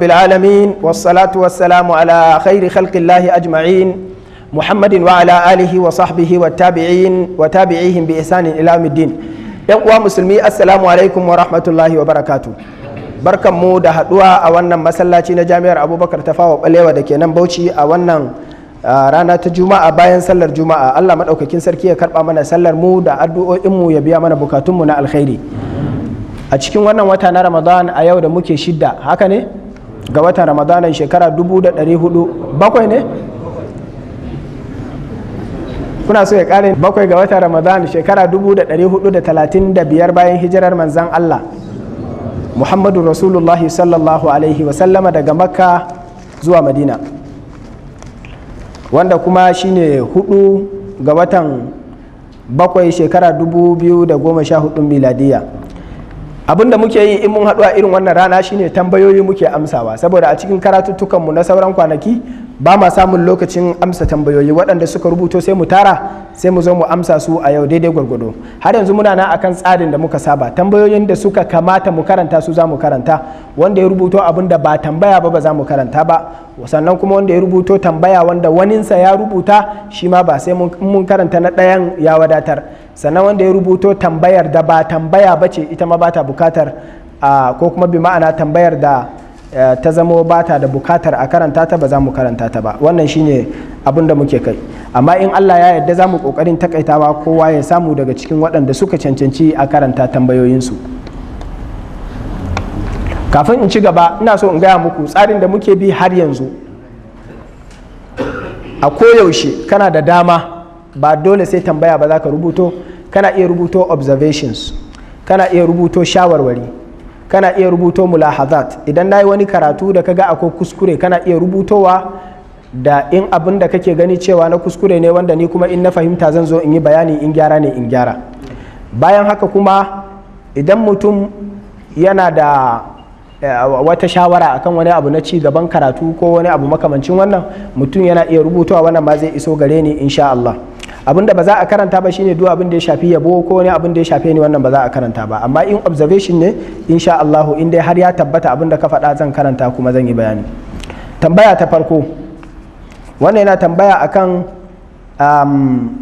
بالعالمين والصلاة والسلام على خير خلق الله أجمعين محمد وعلى آله وصحبه والتابعين وتابعيهم بإحسان إلى يوم الدين يقوى مسلمي السلام عليكم ورحمة الله وبركاته barkan mu da haduwa a wannan masallaci na jami'ar abubakar tafawa balewa da ke nan bauchi a wannan rana ta juma'a bayan sallar juma'a allah maɗaukakin sarki ya karɓa mana sallar mu da addu'o'inmu ya biya mana bukatunmu na alkhairi a cikin wannan wata na ramadan a yau da muke shidda haka ne ga watan ramadanin shekara 1400 bakwai ne kuna so ya kare bakwai ga watan ramadan shekara 1435 bayan hijirar manzan allah muhammadu rasulullahi sallallahu alaihi wasallama daga makka zuwa madina wanda kuma shine hudu ga watan bakwai shekara 2014 miladiyya abinda muke yi in mun haɗu a irin wannan rana shine tambayoyi muke amsawa saboda a cikin karatuttukan mu na sauran kwanaki ba ma samun lokacin amsa tambayoyi waɗanda suka rubuto sai mu tara sai mu zo mu amsa su a yau daidai gwargwado har yanzu muna na akan tsarin da muka saba tambayoyin da suka kamata mu karanta su za mu karanta wanda ya rubuto abin da ba tambaya ba ba za mu karanta ba sannan kuma wanda ya rubuto tambaya wanda waninsa ya rubuta shi ma ba sai mun karanta na ɗayan ya wadatar sannan wanda ya rubuto tambayar da ba tambaya ba ce ita ma ba ta bukatar ko kuma bi ma'ana tambayar da e, ta zama ba ta da bukatar a karanta ta ba za mu karanta ta ba wannan shine abin da muke kai amma in Allah ya yarda za mu kokarin takaitawa kowa ya samu daga cikin waɗanda suka cancanci a karanta tambayoyinsu kafin in ci gaba ina so in gaya muku tsarin da muke bi har yanzu a koyaushe kana da dama ba dole sai tambaya ba za ka rubuto kana iya rubuto observations kana iya rubuto shawarwari kana iya rubuto mulahazat idan na yi wani karatu da ka ga akwai kuskure kana iya rubutowa da in abin da kake gani cewa na kuskure ne wanda ni kuma in na fahimta zan zo in yi bayani in gyara ne in gyara bayan haka kuma idan mutum yana da eh, wata shawara akan wani abu na ci gaban karatu ko wani abu makamancin wannan mutum yana iya rubutawa wannan ma zai iso gare ni insha Allah abin da ba za a karanta ba shine duk abin da ya shafi yabo ko wani abin da ya shafe ni wannan ba za a karanta ba amma in observation ne insha Allah in dai har ya tabbata abin da ka faɗa zan karanta kuma zan yi bayani tambaya ta farko wannan yana tambaya akan um,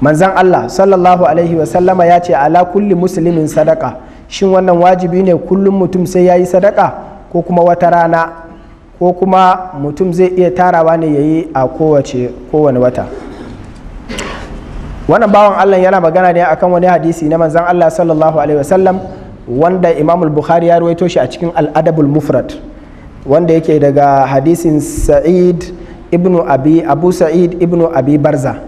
manzan Allah sallallahu alaihi sallama. ya ce ala kulli muslimin sadaka shin wannan wajibi ne kullum mutum sai ya yi sadaka ko kuma wata rana ko kuma mutum zai iya tarawa ne ya yi a kowace kowane wata wannan bawan Allah yana magana ne akan wani hadisi na manzan Allah sallallahu alaihi wasallam wanda Imamul bukhari ya ruwaito shi a cikin al-Adabul Mufrad wanda yake daga hadisin Sa'id ibnu Abi Abu Sa'id Ibn Abi Barza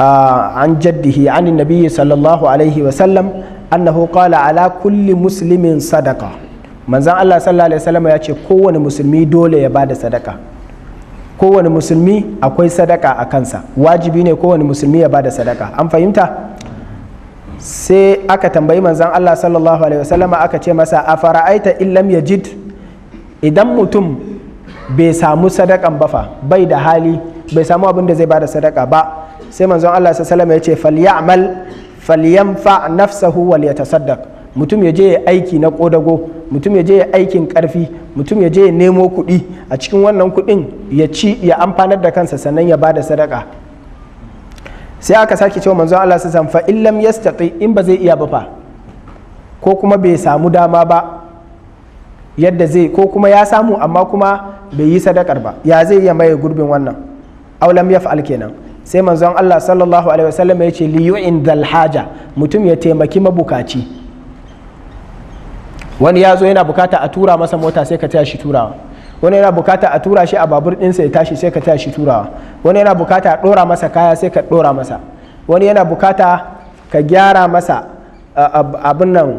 an jaddihi an nabiyyi sallallahu alaihi wasallam annahu qala ala kulli muslimin sadaqa Manzan Allah sallallahu alaihi wasallam ya ce kowane musulmi dole ya bada sadaka kowane musulmi akwai sadaka a kansa wajibi ne kowane musulmi ya bada sadaka an fahimta sai aka tambayi manzan Allah sallallahu alaihi wasallama aka ce masa a fara'aita illam jid idan mutum bai samu sadakan bafa bai da hali bai samu abin da zai bada sadaka ba sai manzon Allah sallallahu alaihi wasallama ya ce falyamal falyamfa nafsahu wal yatasaddaq mutum ya je ya aiki na kodago mutum ya je ya aikin karfi mutum ya je ya nemo kuɗi a cikin wannan kuɗin ya ci ya amfanar da kansa sannan ya bada sadaka sai aka sake cewa manzo Allah sallallahu san fa illam yastati in ba zai iya ba fa ko kuma bai samu dama ba yadda zai ko kuma ya samu amma kuma bai yi sadakar ba ya zai iya maye gurbin wannan aulam yaf'al kenan sai manzon Allah sallallahu alaihi wasallam ya ce li yu'in dal haja mutum ya taimaki mabukaci wani ya zo yana bukata a tura masa mota sai ka taya shi turawa wani yana bukata a tura shi a babur ɗinsa ya tashi sai ka taya shi turawa wani yana bukata a ɗora masa kaya sai ka ɗora masa wani yana bukata ka gyara masa abin nan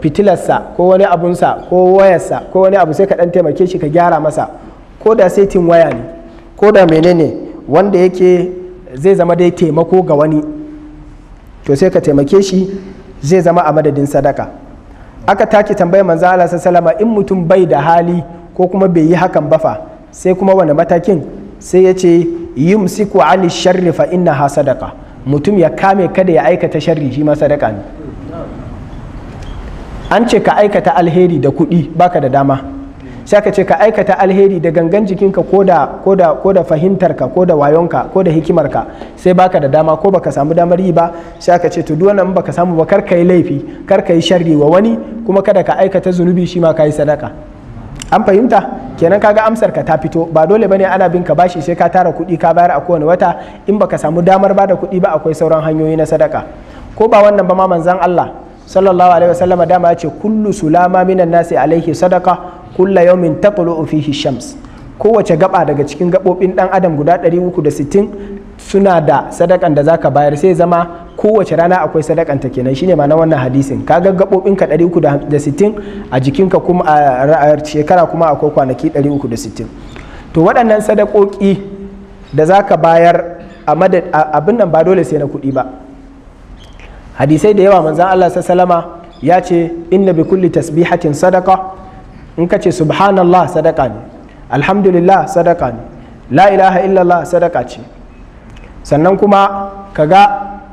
fitilarsa ko wani abunsa ko wayarsa ko wani abu sai ka ɗan taimake shi ka gyara masa ko da setin waya ne ko da menene wanda yake zai zama dai taimako ga wani to sai ka taimake shi zai zama a madadin sadaka aka take tambayar manzo Allah in mutum bai da hali ko kuma bai yi hakan ba fa sai kuma wani matakin sai ya ce yumsiku Ali sharri fa ha sadaqa mutum ya kame kada ya aikata sharri shi ma sadaka ne an ce ka aikata alheri da kuɗi baka da dama sai ka ce ka aikata alheri da gangan jikinka ko da fahimtarka ko da wayonka ko da hikimarka sai baka da dama ko baka samu damar yi ba sai ka ce to duk wannan baka samu ba kar ka yi laifi kar ka yi sharri wa wani kuma kada ka aikata zunubi shi ma ka yi sadaka an fahimta kenan kaga amsar ka ta fito ba dole bane ana bin ka bashi sai ka tara kuɗi ka bayar a kowane wata in baka samu damar bada kuɗi ba akwai sauran hanyoyi na sadaka ko ba wannan ba ma manzan Allah sallallahu alaihi wasallama dama ya ce kullu sulama minan nasi alaihi sadaka kulla yawmin tatlu'u fihi shams kowace gaba daga cikin gabobin dan adam guda 360 suna da sadakan da zaka bayar sai zama kowace rana akwai sadakan ta kenan shine ma na wannan hadisin ga gabobin ka 360 a jikinka kuma a shekara kuma akwai kwanaki 360 to waɗannan sadakoki da zaka bayar a madad abin nan ba dole sai na kuɗi ba hadisai da yawa manzon Allah wasallama ya ce inna bi kulli tasbihatin sadaka in ka ce subhanallah sadaka ne alhamdulillah sadaka ne la ilaha illallah sadaka ce sannan kuma ka ga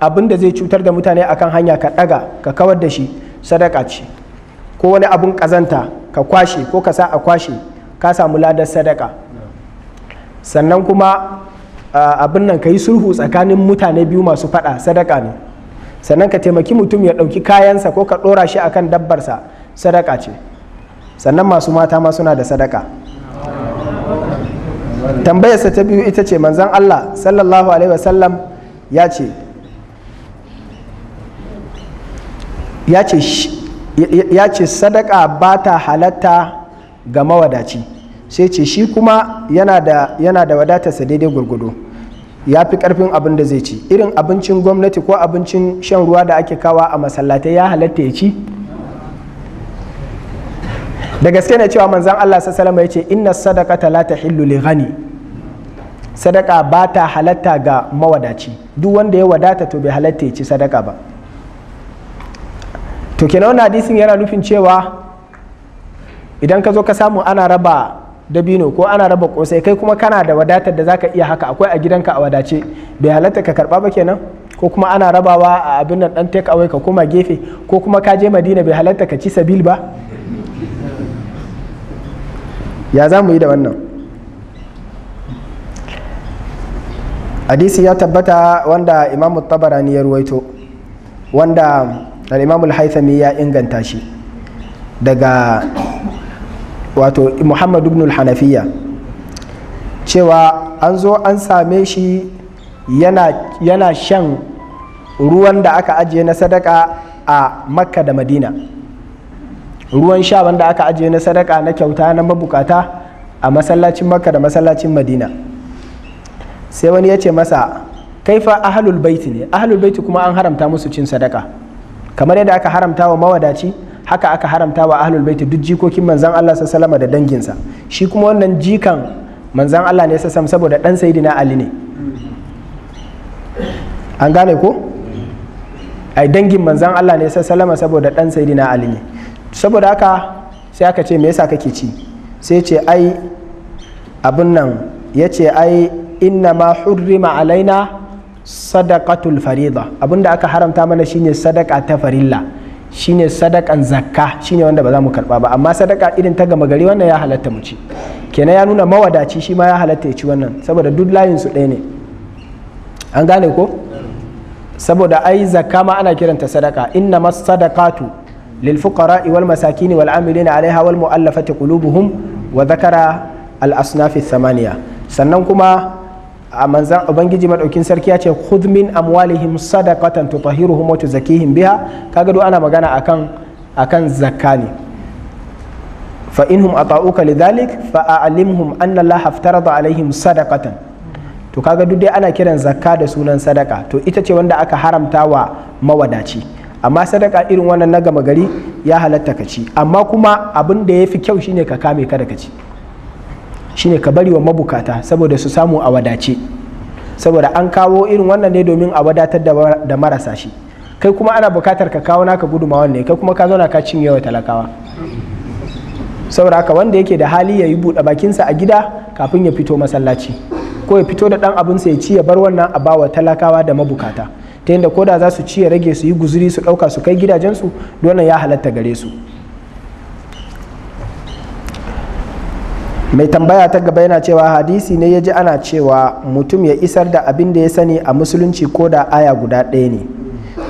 abin da zai cutar da mutane akan hanya ka ɗaga ka kawar da shi sadaka ce ko wani abin ƙazanta ka kwashe ko ka sa a kwashe ka samu ladar sadaka sannan kuma abin nan ka yi sulhu tsakanin mutane biyu masu faɗa sadaka ne sannan ka taimaki mutum ya ɗauki kayansa ko ka ɗora shi akan dabbarsa sadaka ce sannan masu mata ma suna da sadaka tambayarsa ta biyu ita ce manzan Allah sallallahu alaihi wasallam ya ce ya ce sadaka ba ta halatta ga mawadaci sai ce shi kuma yana da, yana da wadatarsa daidai gurgudu ya fi karfin abin da zai ci irin abincin gwamnati ko abincin shan ruwa da ake kawa a masallatai ya halatta ya ci da gaske ne cewa manzan Allah sassalama ya ce inna ta la tahillu li ghani sadaka ba ta halatta ga mawadaci duk wanda ya wadata to bai halatta ya ci sadaka ba to kenan wannan hadisin yana nufin cewa idan ka zo ka samu ana raba dabino ko ana raba kosai kai kuma kana da wadatar da zaka iya haka akwai a gidanka a wadace bai halatta ka karba ba kenan ko kuma ana rabawa a abin nan dan take away ka koma gefe ko kuma ka je madina bai halatta ka ci sabil ba ya za mu yi da wannan hadisi ya tabbata wanda imamu tabarani ya ruwaito wanda al'imamul haithami ya inganta shi daga wato muhammad ibn hanafiya cewa an zo an same shi yana shan ruwan da aka ajiye na sadaka a makka da madina ruwan sha wanda aka ajiye na sadaka na kyauta na mabukata a masallacin makka da masallacin madina sai wani ya ce masa kaifa ahalul baiti ne ahalul baiti kuma an haramta musu cin sadaka kamar yadda aka haramta wa mawadaci haka aka haramta wa ahalul baiti duk jikokin manzan Allah sallama da danginsa shi kuma wannan jikan manzan Allah ne sam saboda dan sayidina Ali ne an gane ko ai dangin manzan Allah ne sallama saboda dan sayidina Ali ne saboda aka sai aka ce me yasa kake ci sai ce ai abun nan ya ce ai inna ma hurrima alaina sadaqatul farida abinda aka haramta mana shine sadaka ta farilla shine sadakan zakka shine wanda ba za mu karba ba amma sadaka irin ta gama gari wannan ya halatta mu ci kenan ya nuna mawadaci shi ma ya halatta ya ci wannan saboda duk layin su ɗaya ne an gane ko saboda ai zakka ma ana kiranta sadaka inna mas sadaqatu wal wal للفقراء والمساكين والعاملين عليها والمؤلفة قلوبهم وذكر الأصناف Sannan kuma manzan ubangiji madaukin sarki ya ce khudh min amwalihim sadaqatan tutahhiruhum wa tuzakkihim biha kaga do ana magana akan akan zakka ne fa inhum ata'uka lidhalik fa a a'limhum anna Allah aftarada alaihim sadaqatan to kaga duk dai ana kiran zakka da sunan sadaka to ita ce wanda aka haramta wa mawadaci amma sadaka irin wannan na gama gari ya halatta ka ci amma kuma abin da ya fi kyau shine ka kame kada ka ci shine ka bari wa mabukata saboda su samu a wadace saboda an kawo irin wannan ne domin a wadatar da marasa shi kai kuma ana bukatar ka kawo naka guduma ne kai kuma ka zauna ka cinye wa talakawa saboda haka wanda yake da hali ya yi buɗe bakinsa a gida kafin ya fito masallaci ko ya fito da ɗan abinsa ya ci ya bar wannan a bawa talakawa da mabukata ta yadda koda za su ci ya rage su yi guzuri su ɗauka su kai gidajensu dole ya halatta gare su mai tambaya ta gaba yana cewa hadisi ne ya ji ana cewa mutum ya isar da abin da ya sani a musulunci koda aya guda ɗaya ne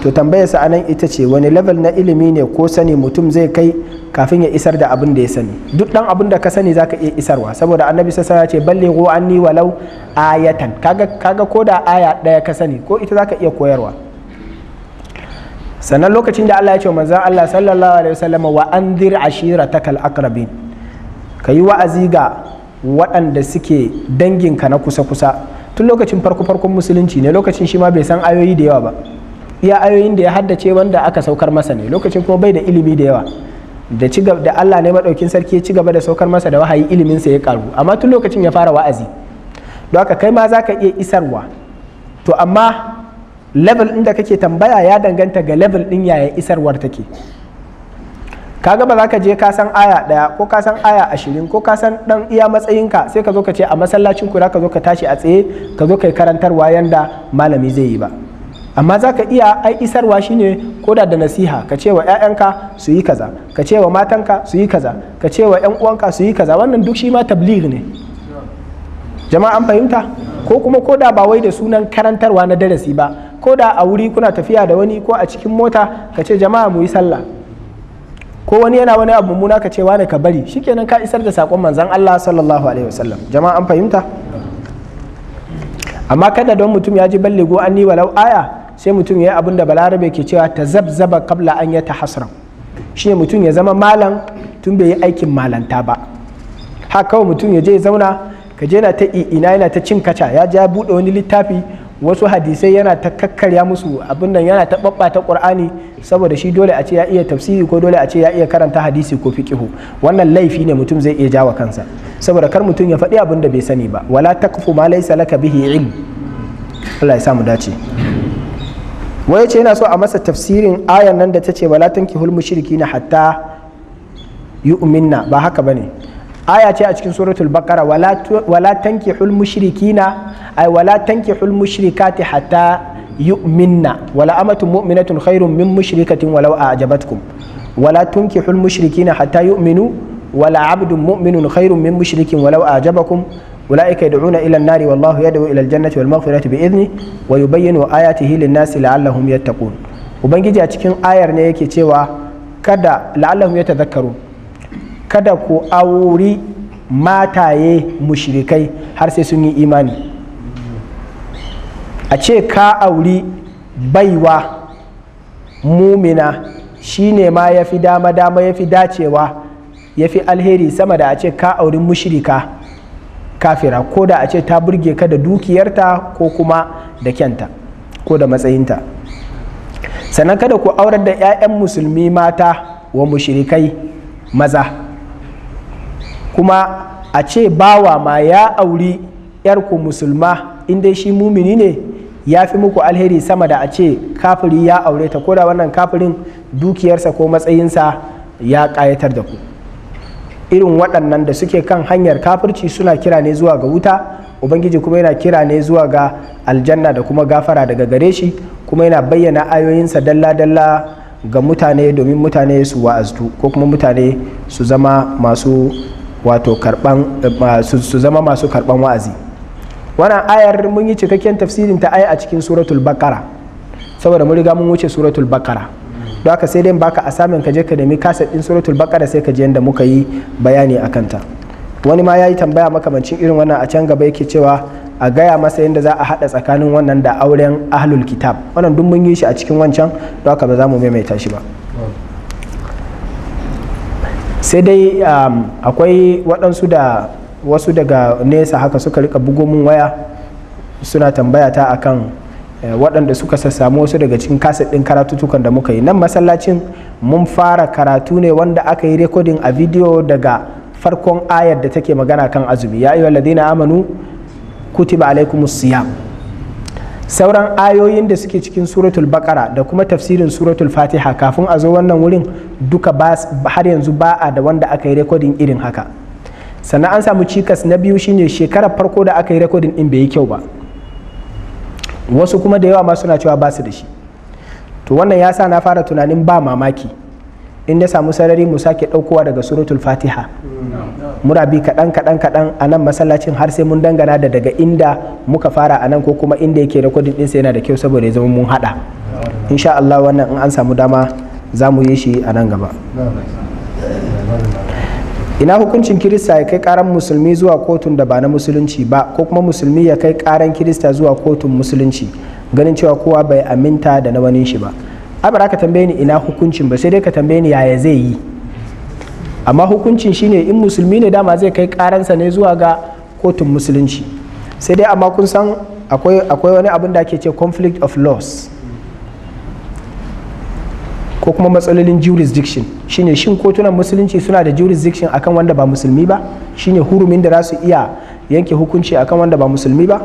to tambayarsa anan ita ce wani level na ilimi ne ko sani mutum zai kai kafin ya isar da abin da ya sani duk dan abin da ka sani zaka iya isarwa saboda annabi sassa ya ce ballighu anni walau ayatan kaga kaga ko da aya daya ka sani ko ita zaka iya koyarwa sannan lokacin da Allah ya ce manzon Allah sallallahu alaihi wasallam wa anzir ashiratakal aqrabin kayi wa'azi ga waɗanda suke danginka na kusa-kusa tun lokacin farko-farkon musulunci ne lokacin shi ma bai san ayoyi da yawa ba iya ayoyin da ya haddace wanda aka saukar masa ne lokacin kuma bai da ilimi da yawa da ci da Allah ne madaukin sarki ya ci gaba da saukar masa da wahayi ilimin sa ya karu amma tun lokacin ya fara wa'azi don haka kai ma zaka iya isarwa to amma level ɗin da kake tambaya ya danganta ga level ɗin yaya isarwar take kaga ba za ka je ka san aya ɗaya ko ka san aya ashirin ko ka san ɗan iya matsayinka sai ka zo ka ce a masallacin ku za ka zo ka tashi a tsaye ka zo ka yi karantarwa yanda malami zai yi ba amma za ka iya ai isarwa shine koda da nasiha ka ce wa 'ya'yanka su yi kaza ka ce wa matanka su yi kaza ka ce wa 'yan uwanka su yi kaza wannan duk shi ma tabligh ne jama'a an fahimta ko kuma koda ba wai da sunan karantarwa na darasi ba koda a wuri kuna tafiya da wani ko a cikin mota ka ce jama'a mu yi sallah ko wani yana wani abu mummuna ka ce wane ka bari shikenan ka isar da sakon manzon Allah sallallahu alaihi wasallam jama'a an fahimta amma kada don mutum ya ji ballego an anni walau aya sai mutum ya yi abin da balarabe ke cewa ta zabzaba kabla an ta hasran shi ne mutum ya zama malam tun bai yi aikin malanta ba haka kawai mutum ya je ya zauna ka je na ta ina yana ta cin kaca ya ja buɗe wani littafi wasu hadisai yana ta kakkarya musu abin nan yana ta ta qur'ani saboda shi dole a ce ya iya tafsiri ko dole a ce ya iya karanta hadisi ko fiqihu wannan laifi ne mutum zai iya jawa kansa saboda kar mutum ya faɗi abin da bai sani ba wala takfu ma laysa laka bihi ilm Allah ya samu dace wai ce yana so a masa tafsirin ayan nan da ta ce wala tankihul mushrikina hatta yu'minna ba haka bane aya ce a cikin suratul baqara wala tankihul mushrikina ay wala tankihul mushrikati hatta yu'minna wala amatun mu'minatun khairun min mushrikatin walau a'jabatkum wala tunkihul mushrikina hatta yu'minu wala abdun mu'minun khairun min mushrikin walau a'jabakum أولئك يدعون إلى النار والله يدعو إلى الجنة والمغفرة بإذنه ويبين آياته للناس لعلهم يتقون ubangiji a cikin ayar ne yake cewa kada la'allahum ya tazakkaru kada ku auri mataye mushrikai har sai sun yi imani a ce ka auri baiwa mumina shine ma ya fi dama dama ya fi dacewa ya fi alheri sama da a ce ka auri mushrika kafira ko da a ce ta burge ka da dukiyarta ko kuma da kyanta ko da matsayinta sannan kada ku aurar da 'ya'yan musulmi mata wa mushrikai maza kuma a ce bawa ma ya auri 'yarku musulma in dai shi mumini ne ya fi muku alheri sama da a ce kafiri ya aure ta ko da wannan kafirin dukiyarsa ko matsayinsa ya ƙayatar da ku irin waɗannan da suke kan hanyar kafirci suna kira ne zuwa ga wuta ubangiji kuma yana kira ne zuwa ga aljanna da kuma gafara daga gare shi kuma yana bayyana ayoyinsa dalla-dalla ga mutane domin mutane su wa'aztu ko kuma mutane su zama masu wato karban su zama masu wa'azi wannan ayar mun yi cikakken tafsirin ta aya a cikin suratul bakara saboda mun riga mun wuce suratul bakara don haka sai dai baka a ka je ka nemi kaset din suratul baqara sai ka je yanda muka yi bayani a kanta wani ma ya yi tambaya makamancin irin wannan a can gaba yake cewa a gaya masa yadda za a haɗa tsakanin wannan da auren ahlul kitab wannan duk mun yi shi a cikin wancan don haka ba za mu maimaita shi ba sai dai um, akwai waɗansu da wasu daga nesa haka suka rika bugo mun waya suna tambaya ta akan Eh, waɗanda suka sassamu wasu daga cikin kaset ɗin karatutukan da muka yi nan masallacin mun fara karatu ne wanda aka yi rikodin a bidiyo daga farkon ayar da take magana kan azumi ya ayyuhal ladina amanu kutiba alaikumus siyam sauran ayoyin da suke cikin suratul bakara da kuma tafsirin suratul fatiha kafin a zo wannan wurin duka har yanzu ba a da wanda aka yi rikodin irin haka sannan an samu cikas na biyu shine shekarar farko da aka yi rikodin ɗin bai yi kyau ba wasu kuma da yawa ma suna cewa ba su da shi to wannan ya sa na fara tunanin ba mamaki in samu sarari mu sake ɗaukowa daga suratul fatiha mura bi kadan kadan kaɗan a nan masallacin har sai mun dangana da daga inda muka fara a nan ko kuma inda yake rekodin sai yana da kyau saboda ya zama mun hada insha Allah wannan in an samu dama za mu yi shi a nan gaba ina hukuncin kirista ya kai karan musulmi zuwa kotun da ba na musulunci ba ko kuma musulmi ya kai karan kirista zuwa kotun musulunci ganin cewa kowa bai aminta da na wani shi ba abara ka tambaye ni ina hukuncin ba sai dai ka tambaye ni yaya zai yi amma hukuncin shine in musulmi ne dama zai kai karansa ne zuwa ga kotun musulunci sai dai amma kun san akwai wani abin da ake ce conflict of laws ko kuma matsalolin jurisdiction shine shin kotunan musulunci suna da jurisdiction akan wanda ba musulmi ba shine hurumin da za su iya yanke hukunci akan wanda ba musulmi ba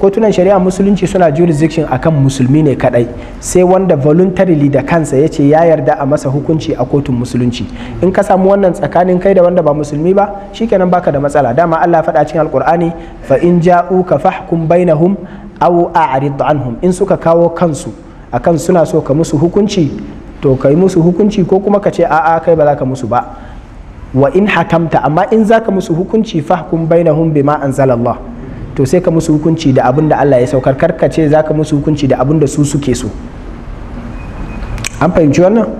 kotunan shari'a musulunci suna jurisdiction akan musulmi ne kadai sai wanda voluntarily da kansa ya ce ya yarda a masa hukunci a kotun musulunci in ka samu wannan tsakanin kai da wanda ba musulmi ba shikenan baka da matsala dama Allah faɗa cikin alkur'ani fa in ja'uka fahkum bainahum aw a'rid anhum in suka kawo kansu akan suna so ka musu hukunci to ka yi musu hukunci ko kuma ka ce a'a kai ba za ka musu ba wa in hakamta amma in za ka musu hukunci fahkum bainahum bima anzalallah to sai ka musu hukunci da abin da Allah ya saukar karka ce za ka musu hukunci da abin da su suke so an fahimci wannan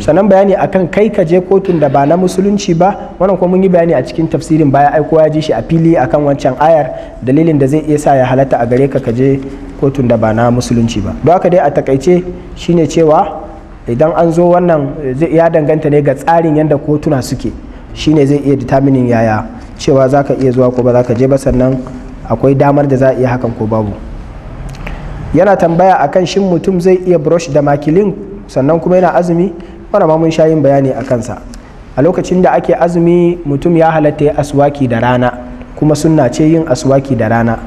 sannan bayani akan kai ka je kotun da ba na musulunci ba wannan kuma mun yi bayani a cikin tafsirin baya aiko ya ji shi a fili akan wancan ayar dalilin da zai iya sa ya halatta a gare ka ka je kotun da ba na musulunci ba don ka dai a takaice shine cewa idan an zo wannan eh, ya danganta ne ga tsarin yadda kotuna suke shine zai iya ditaminin yaya cewa za ka iya zuwa ko ba za ka je ba sannan akwai damar da za a iya hakan ko babu yana tambaya akan shin mutum zai iya brush da makilin sannan kuma yana azumi wanda ma mun sha yin bayani a kansa a lokacin da ake azumi mutum ya halatta ya aswaki da rana kuma suna ce yin aswaki da rana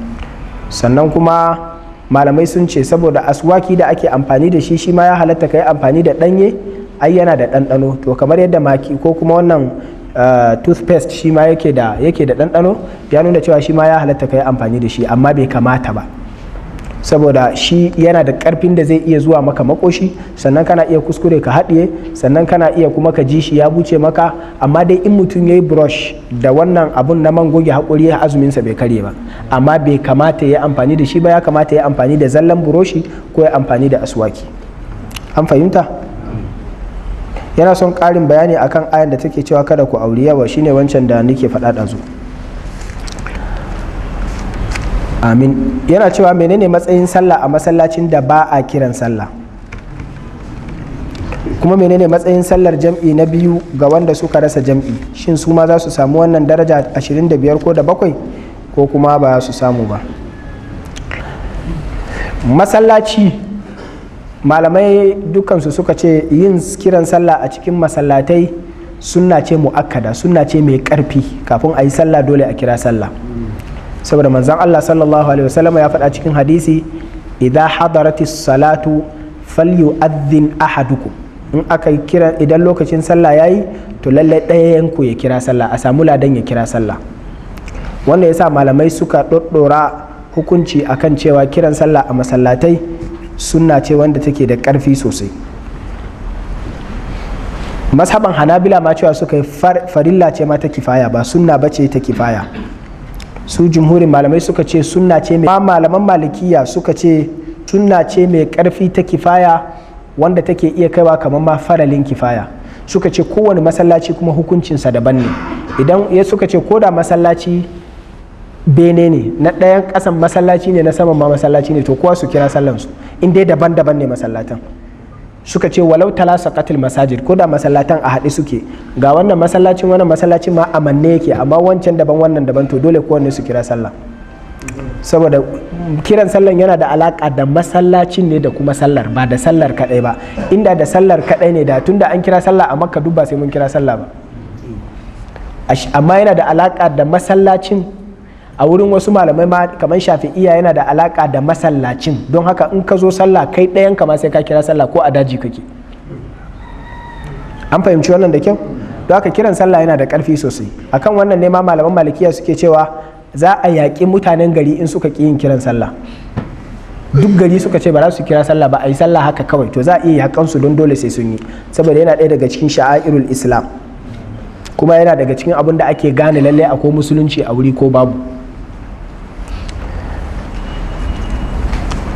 sannan kuma malamai sun ce saboda aswaki da ake amfani da shi shi ma ya halatta ka yi amfani da ɗanye ai yana da ɗanɗano to kamar yadda maki ko kuma wannan eh, toothpaste shi ma yake da ɗanɗano ya nuna cewa shi ma ya halatta ka yi amfani da shi amma bai kamata ba saboda shi yana da karfin da zai iya zuwa maka makoshi sannan kana iya kuskure ka haɗiye sannan kana iya kuma ka ji shi ya buce maka amma dai in mutum ya yi brush da wannan abun na man goge haƙuri ya azuminsa bai karye ba amma bai kamata ya amfani da shi ba ya kamata ya amfani da zallan buroshi ko ya amfani da aswaki an fahimta yana son ƙarin bayani akan ayan da take cewa kada ku auri yawa shine wancan da nake faɗa ɗazu amin yana cewa menene matsayin sallah a masallacin da ba a kiran sallah kuma menene matsayin sallar jam'i na biyu ga wanda suka rasa jam'i shin su ma za su samu wannan daraja 25 ko da bakwai ko kuma ba su samu ba masallaci malamai dukansu suka ce yin kiran sallah a cikin masallatai sunna ce mu'akkada sunna ce mai karfi kafin a yi sallah dole a kira sallah saboda manzan Allah sallallahu alaihi wasallam ya faɗa cikin hadisi idan hadarati salatu falyu falyu'adhdhin ahadukum in aka kira idan lokacin sallah yayi to lallai ɗayan ku ya kira sallah a samu ladan ya kira sallah wanda yasa malamai suka ɗoɗɗora hukunci a kan cewa kiran sallah a masallatai sunna ce wanda take da ƙarfi sosai mashaban hanabila ma cewa suka yi farilla ce ma ta kifaya ba sunna ba ce ta kifaya su jumhurin malamai suka ce sunna ce mai malaman malikiya suka ce sunna ce mai karfi ta kifaya wanda take iya kaiwa kamar ma faralin kifaya suka ce kowane masallaci kuma hukuncinsa daban ne idan ya suka ce ko da masallaci bene ne na ɗayan ƙasan masallaci ne na saman ma masallaci ne to kowa su kira sallansu in dai daban-daban ne masallatan suka ce walau talasa qatil masajid ko da masallatan a haɗe suke ga wannan masallacin wannan masallacin ma a manne yake amma wancan daban wannan daban to dole kowanne su kira sallah saboda kiran sallan yana da alaka da masallacin ne da kuma sallar ba da sallar kadai ba inda da sallar kadai ne da tunda an kira sallah a makka duk ba sai mun kira sallah ba amma yana da alaka da masallacin a wurin wasu malamai ma kamar shafi'iya yana da alaka da masallacin don haka in ka zo sallah kai ɗayan kama sai ka kira sallah ko a daji kake an fahimci wannan da kyau don haka kiran sallah yana da ƙarfi sosai akan wannan ne ma malaman malikiya suke cewa za a yaƙi mutanen gari in suka ƙi yin kiran sallah duk gari suka ce ba za su kira sallah ba a yi sallah haka kawai to za a iya yakan su don dole sai sun yi saboda yana ɗaya daga cikin sha'airul islam kuma yana daga cikin abin da ake gane lallai akwai musulunci a wuri ko babu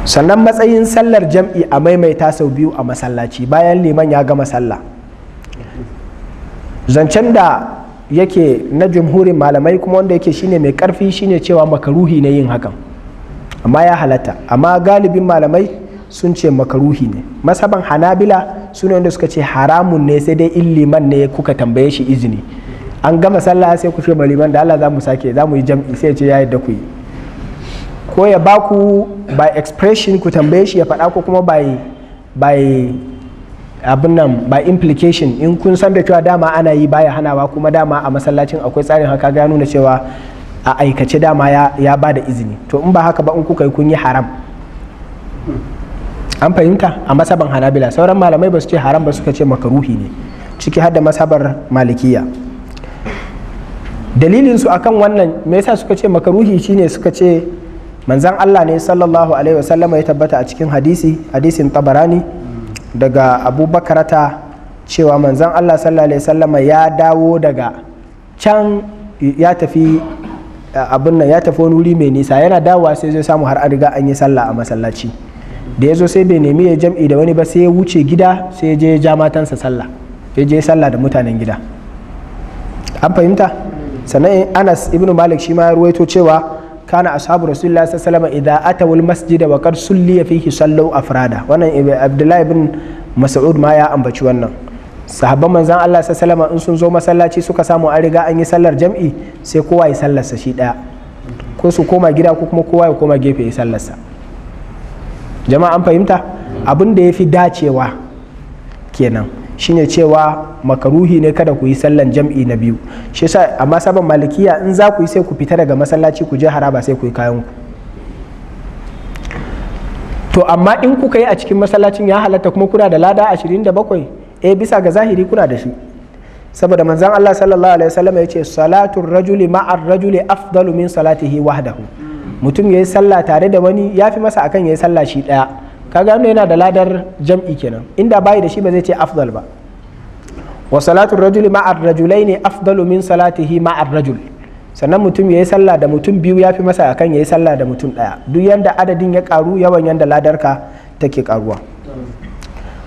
sannan matsayin sallar jam'i a maimaita sau biyu a masallaci bayan liman ya gama sallah zancen da yake na jumhurin malamai kuma wanda yake shine mai karfi shine cewa makaruhi ne yin hakan amma ya halatta amma galibin malamai sun ce makaruhi ne masaban hanabila su ne wanda suka ce haramun ne sai dai in liman ne kuka tambaye shi izini an gama sallah sai ku ce liman da allah za mu sake za mu yi jam'i sai ce ya yadda ku yi ko ya baku by expression ku tambaye shi ya faɗa ko kuma by by abin nan by implication in kun san da cewa dama ana yi baya hanawa kuma dama a masallacin akwai tsarin haka ga nuna cewa a aikace dama ya, ya ba da izini to in ba haka ba in kuka yi kun yi haram an fahimta a masaban hanabila sauran malamai ba su ce haram ba suka ce makaruhi ne ciki har da masabar malikiya dalilinsu su akan wannan me yasa suka ce makaruhi shine suka ce manzan Allah ne sallallahu alaihi wasallama ya tabbata a cikin hadisi hadisin tabarani daga abubakarata cewa manzan Allah sallallahu alaihi wasallama ya dawo daga can ya tafi abin nan ya tafi wani wuri mai nisa yana dawowa sai zai samu har an riga an yi sallah a masallaci da ya zo sai bai nemi ya jam'i da wani ba sai ya wuce gida sai ya je ya ja matansa sallah ya je sallah da mutanen gida an fahimta sannan anas ibn malik shi ma ya ruwaito cewa kana ashabu rasulullahi sallallahu alaihi wasallam idza atawul masjid wa qad sulliya fihi sallu afrada wannan abdullahi ibn mas'ud ma ya ambaci wannan sahabban manzan Allah sallallahu alaihi in sun zo masallaci suka samu an riga an yi sallar jam'i sai kowa ya sallarsa shi daya ko su koma gida ko kuma kowa ya koma gefe ya sallarsa jama'a an fahimta abin da ya fi dacewa kenan shine cewa makaruhi ne kada ku yi sallan jam'i na biyu shi yasa amma saban malikiya in za ku yi sai ku fita daga masallaci ku je haraba sai ku yi kayan ku to amma in kuka yi a cikin masallacin ya halatta kuma kuna da lada 27 eh bisa ga zahiri kuna da shi saboda manzon Allah sallallahu alaihi wasallam ya ce salatul rajuli ma'ar rajuli afdalu min salatihi wahdahu mutum yayi sallah tare da wani yafi masa akan yayi sallah shi daya kaga wannan yana da ladar jam'i kenan inda bayi da shi ba zai ce afdal ba wa salatu rajuli ma'ar rajulaini afdalu min salatihi ma'ar rajul sannan mutum yayi sallah da mutum biyu yafi masa akan yayi sallah da mutum daya duk yanda adadin ya karu yawan yanda ladarka take karuwa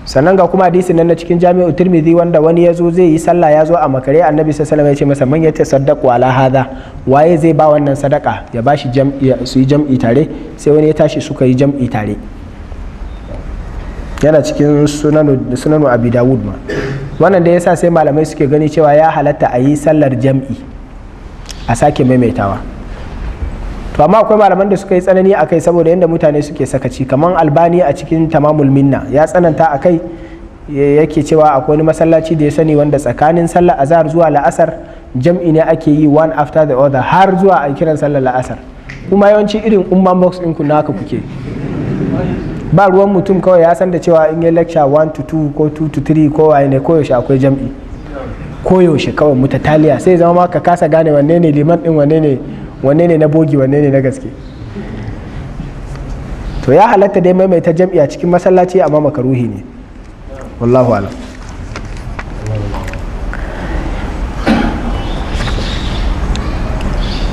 sannan ga kuma hadisi nan na cikin jami'u tirmidhi wanda wani ya zo zai yi sallah ya zo a makare annabi sallallahu ya ce masa man ya tasaddaqu ala hadha waye zai ba wannan sadaka ya bashi jam'i su yi jam'i tare sai wani ya tashi suka yi jam'i tare yana cikin sunanu abi dawud ma wannan da yasa sai malamai suke gani cewa ya halatta a yi sallar jam'i a sake maimaitawa to amma akwai malaman da suka yi tsanani a kai saboda yadda mutane suke sakaci kamar albani a cikin tamamul minna ya tsananta a kai yake cewa akwai wani masallaci da ya sani wanda tsakanin sallar azhar zuwa la'asar jam'i ne ake yi one after the other har zuwa a kiran sallar la'asar kuma yawanci irin umman box kuna naka kuke ba ruwan mutum kawai ya san da cewa in yi lecture 1 to 2 ko 2 to 3 ko waye ne koyaushe akwai jam'i koyaushe kawai taliya sai zama ma ka kasa gane wanne ne liman din wanne ne wanne ne na bogi wanne ne na gaske to ya halatta dai maimaita jam'i a cikin masallaci amma makaruhi ne wallahu alam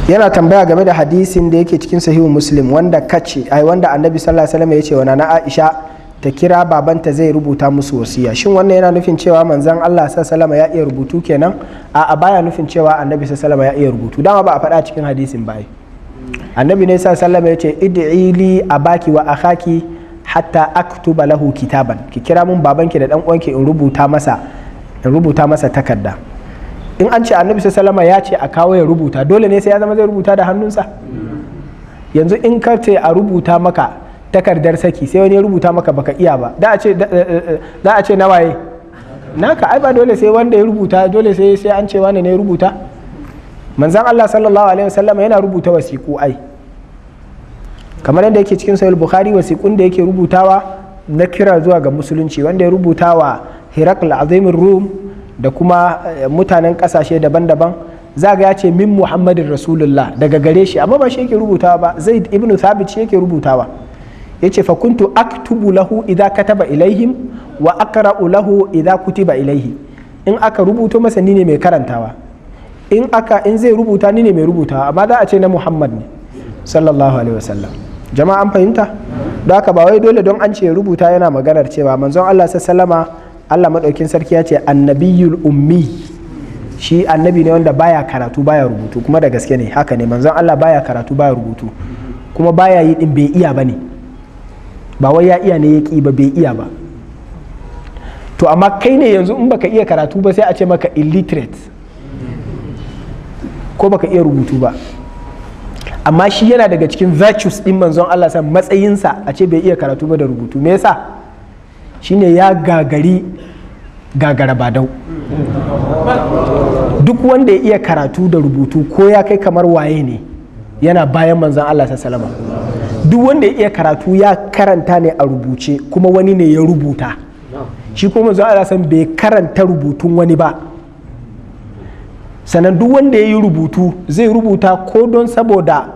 yana tambaya game da hadisin da yake cikin sahihu muslim wanda kace ai wanda annabi sallallahu alaihi wasallam ya ce wa nana aisha ta kira babanta zai rubuta musu wasiya shin wannan yana nufin cewa manzon Allah sallallahu ya iya rubutu kenan a a baya nufin cewa annabi sallallahu ya iya rubutu dama ba a faɗa cikin hadisin ba annabi ne sallallahu ya ce id'ili abaki wa akhaki hatta aktuba lahu kitaban ki kira mun babanki da dan uwanki in rubuta masa in rubuta masa takarda in an ce annabi sallama ya ce a kawo ya rubuta dole ne sai ya zama zai rubuta da hannunsa yanzu in ka ce a rubuta maka takardar saki sai wani ya rubuta maka baka iya ba da a ce eh, eh, eh, na waye naka ai ba dole sai wanda ya rubuta dole sai sai an ce wani ne ya rubuta manzan Allah sallallahu alaihi wasallama yana rubuta wasiku ai kamar yadda yake cikin sahih bukhari wasikun da yake rubutawa na kira zuwa ga musulunci wanda ya rubuta wa hirakul azimin rum da kuma eh, mutanen kasashe daban-daban zaga ga ya ce min muhammadin rasulullah daga gare shi amma ba shi yake rubutawa ba zai ibn thabit shi yake rubutawa ya ce fakuntu aktubu lahu ka kataba ilaihim wa aqra'u lahu kuti kutiba ilaihi in aka rubuto masa ni ne mai karantawa in aka in zai rubuta ni ne mai rubutawa amma za a ce na muhammad ne sallallahu alaihi wasallam jama'a an fahimta Da haka ba wai dole don an ce rubuta yana maganar cewa manzon allah sallama Allah maɗaukin sarki ya ce annabiyul ummi shi annabi ne wanda baya karatu baya rubutu kuma da gaske ne haka ne manzon Allah baya karatu baya rubutu kuma baya yi din bai iya bane ba wai ya iya ne ya ba bai iya ba to amma kai ne yanzu in baka iya karatu ba sai a ce maka illiterate ko baka iya rubutu ba amma shi yana daga cikin virtues ɗin manzon Allah sa matsayinsa a ce bai iya karatu ba da rubutu me yasa shine ya gagari gagara badau duk wanda ya iya karatu da rubutu ko ya kai kamar waye ne yana bayan manzan Allah ta salama duk wanda ya iya karatu ya karanta ne a rubuce kuma wani ne ya rubuta shi kuma manzan Allah san bai karanta rubutun wani ba sannan duk wanda ya yi rubutu zai rubuta ko don saboda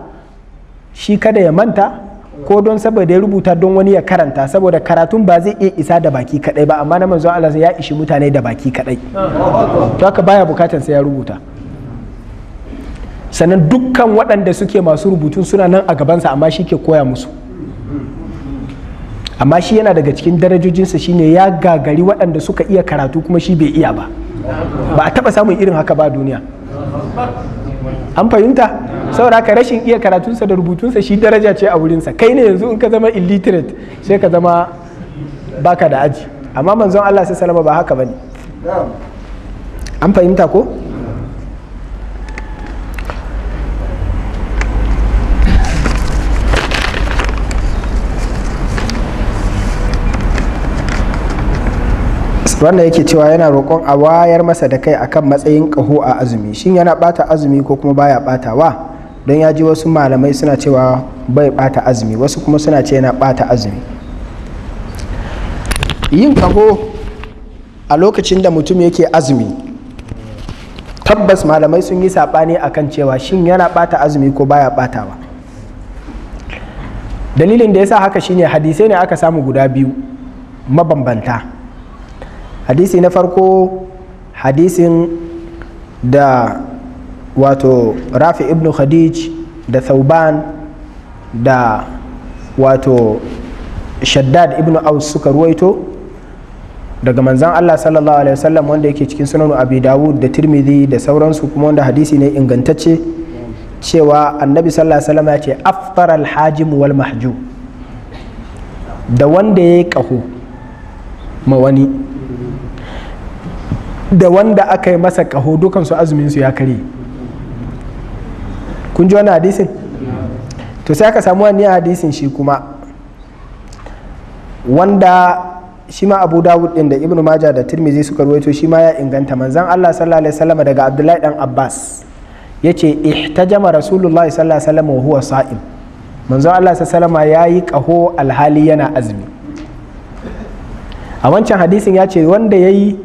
shi kada ya manta ko don saboda ya rubuta don wani ya karanta saboda karatun ba zai iya isa da baki kadai ba amma na manzo Allah ya ishi mutane da baki kadai to haka baya bukatan sai ya rubuta sanan dukkan waɗanda suke masu rubutun suna nan a gabansa amma shi ke koya musu amma shi yana daga cikin darajojinsa shine ya gagari waɗanda suka iya karatu kuma shi bai iya ba ba a taɓa samun irin haka ba duniya an fahimta saboda ka rashin iya karatunsa da rubutunsa shi daraja ce a wurinsa kai ne yanzu in ka zama illiterate sai ka zama baka da aji amma manzon Allah sai salama ba haka bane an fahimta ko wanda yake cewa yana roƙon a wayar masa da kai akan matsayin ƙaho a azumi shin yana ɓata azumi ko kuma baya ɓatawa don ya ji wasu malamai suna cewa bai ɓata azumi wasu kuma suna ce yana ɓata azumi yin ƙaho a lokacin da mutum yake azumi tabbas malamai sun yi saɓani akan cewa shin yana ɓata azumi ko baya ɓatawa dalilin da ya sa haka shine hadisai ne aka samu guda biyu mabambanta hadisi na farko hadisin da wato rafi ibn khadij da thauban da wato shaddad ibn aus suka ruwaito daga manzan allah sallallahu alaihi wasallam wanda yake cikin sunan abi dawud da tirmidhi da sauransu kuma wanda hadisi ne ingantacce cewa annabi sallallahu alaihi wasallam ya ce aftar alhajim wal mahju da wanda ya yi kahu ma wani da wanda aka yi masa kaho dukansu azuminsu ya kare kun ji wani hadisin to sai aka samu wani hadisin shi kuma wanda shi ma abu dawud din da ibnu maja da tirmizi suka ruwaito shi ma ya inganta manzan allah sallallahu alaihi wasallam daga abdullahi dan abbas ya ce ihtajama rasulullahi sallallahu alaihi wasallam wa huwa sa'im manzon allah sallallahu alaihi wasallam yi kaho alhali yana azumi a wancan hadisin ya ce wanda ya yi.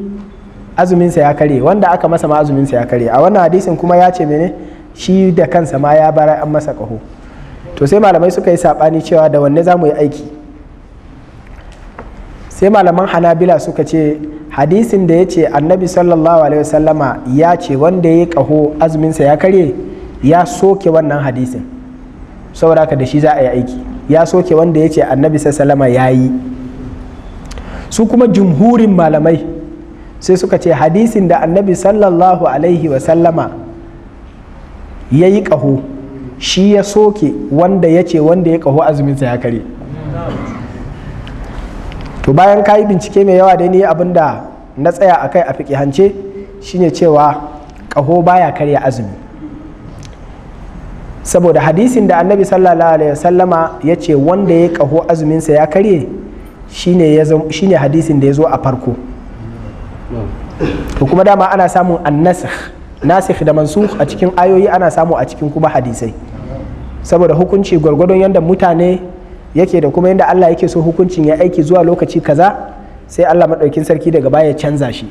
azuminsa ya kare wanda aka masa ma azuminsa ya kare a wannan hadisin kuma ya ce mene shi da kansa ma ya bara an masa kaho to sai malamai suka yi saɓani cewa da wanne za mu yi aiki sai malaman hanabila suka ce hadisin da ya ce annabi sallallahu alaihi wasallama ya ce wanda ya yi kaho azuminsa ya kare ya soke wannan hadisin saboda haka da shi za a yi aiki ya soke wanda ya ce annabi sallallahu alaihi wasallama ya yi su kuma jumhurin malamai sai suka ce hadisin da annabi sallallahu alaihi wasallama ya yi ƙaho shi ya soke wanda ya ce wanda ya ƙaho azuminsa ya kare to bayan ka yi bincike mai yawa da ni abin da na tsaya a kai a fiƙihance shine cewa ƙaho baya karya azumi saboda hadisin da annabi sallallahu alaihi wasallama ya ce wanda ya ƙaho azuminsa ya karye shine hadisin da ya zo a farko to kuma dama ana samun annasikh nasikh da mansukh a cikin ayoyi ana samu a cikin kuma hadisai saboda hukunci gwargwadon yadda mutane yake da kuma yadda Allah yake so hukuncin ya aiki zuwa lokaci kaza sai Allah maɗaukin sarki daga baya canza shi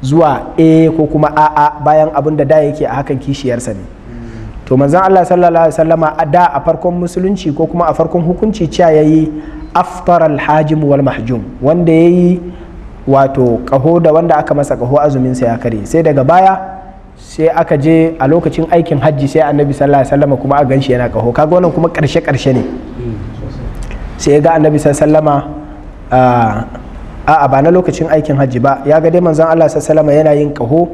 zuwa a ko kuma a'a bayan abin da da yake a hakan kishiyarsa ne to manzon Allah sallallahu alaihi wasallama a da a farkon musulunci ko kuma a farkon hukunci cewa yayi aftar al-hajim wal mahjum wanda yayi wato kaho da wanda aka masa kaho azumin sa ya kare sai daga baya sai aka je a lokacin aikin hajji sai annabi sallallahu alaihi wasallam kuma a ganshi yana kaho kaga wannan kuma karshe karshe ne sai ga annabi sallallahu alaihi ah, a'a ba na lokacin aikin hajji ba ya ga dai manzon Allah sallallahu yana yin kaho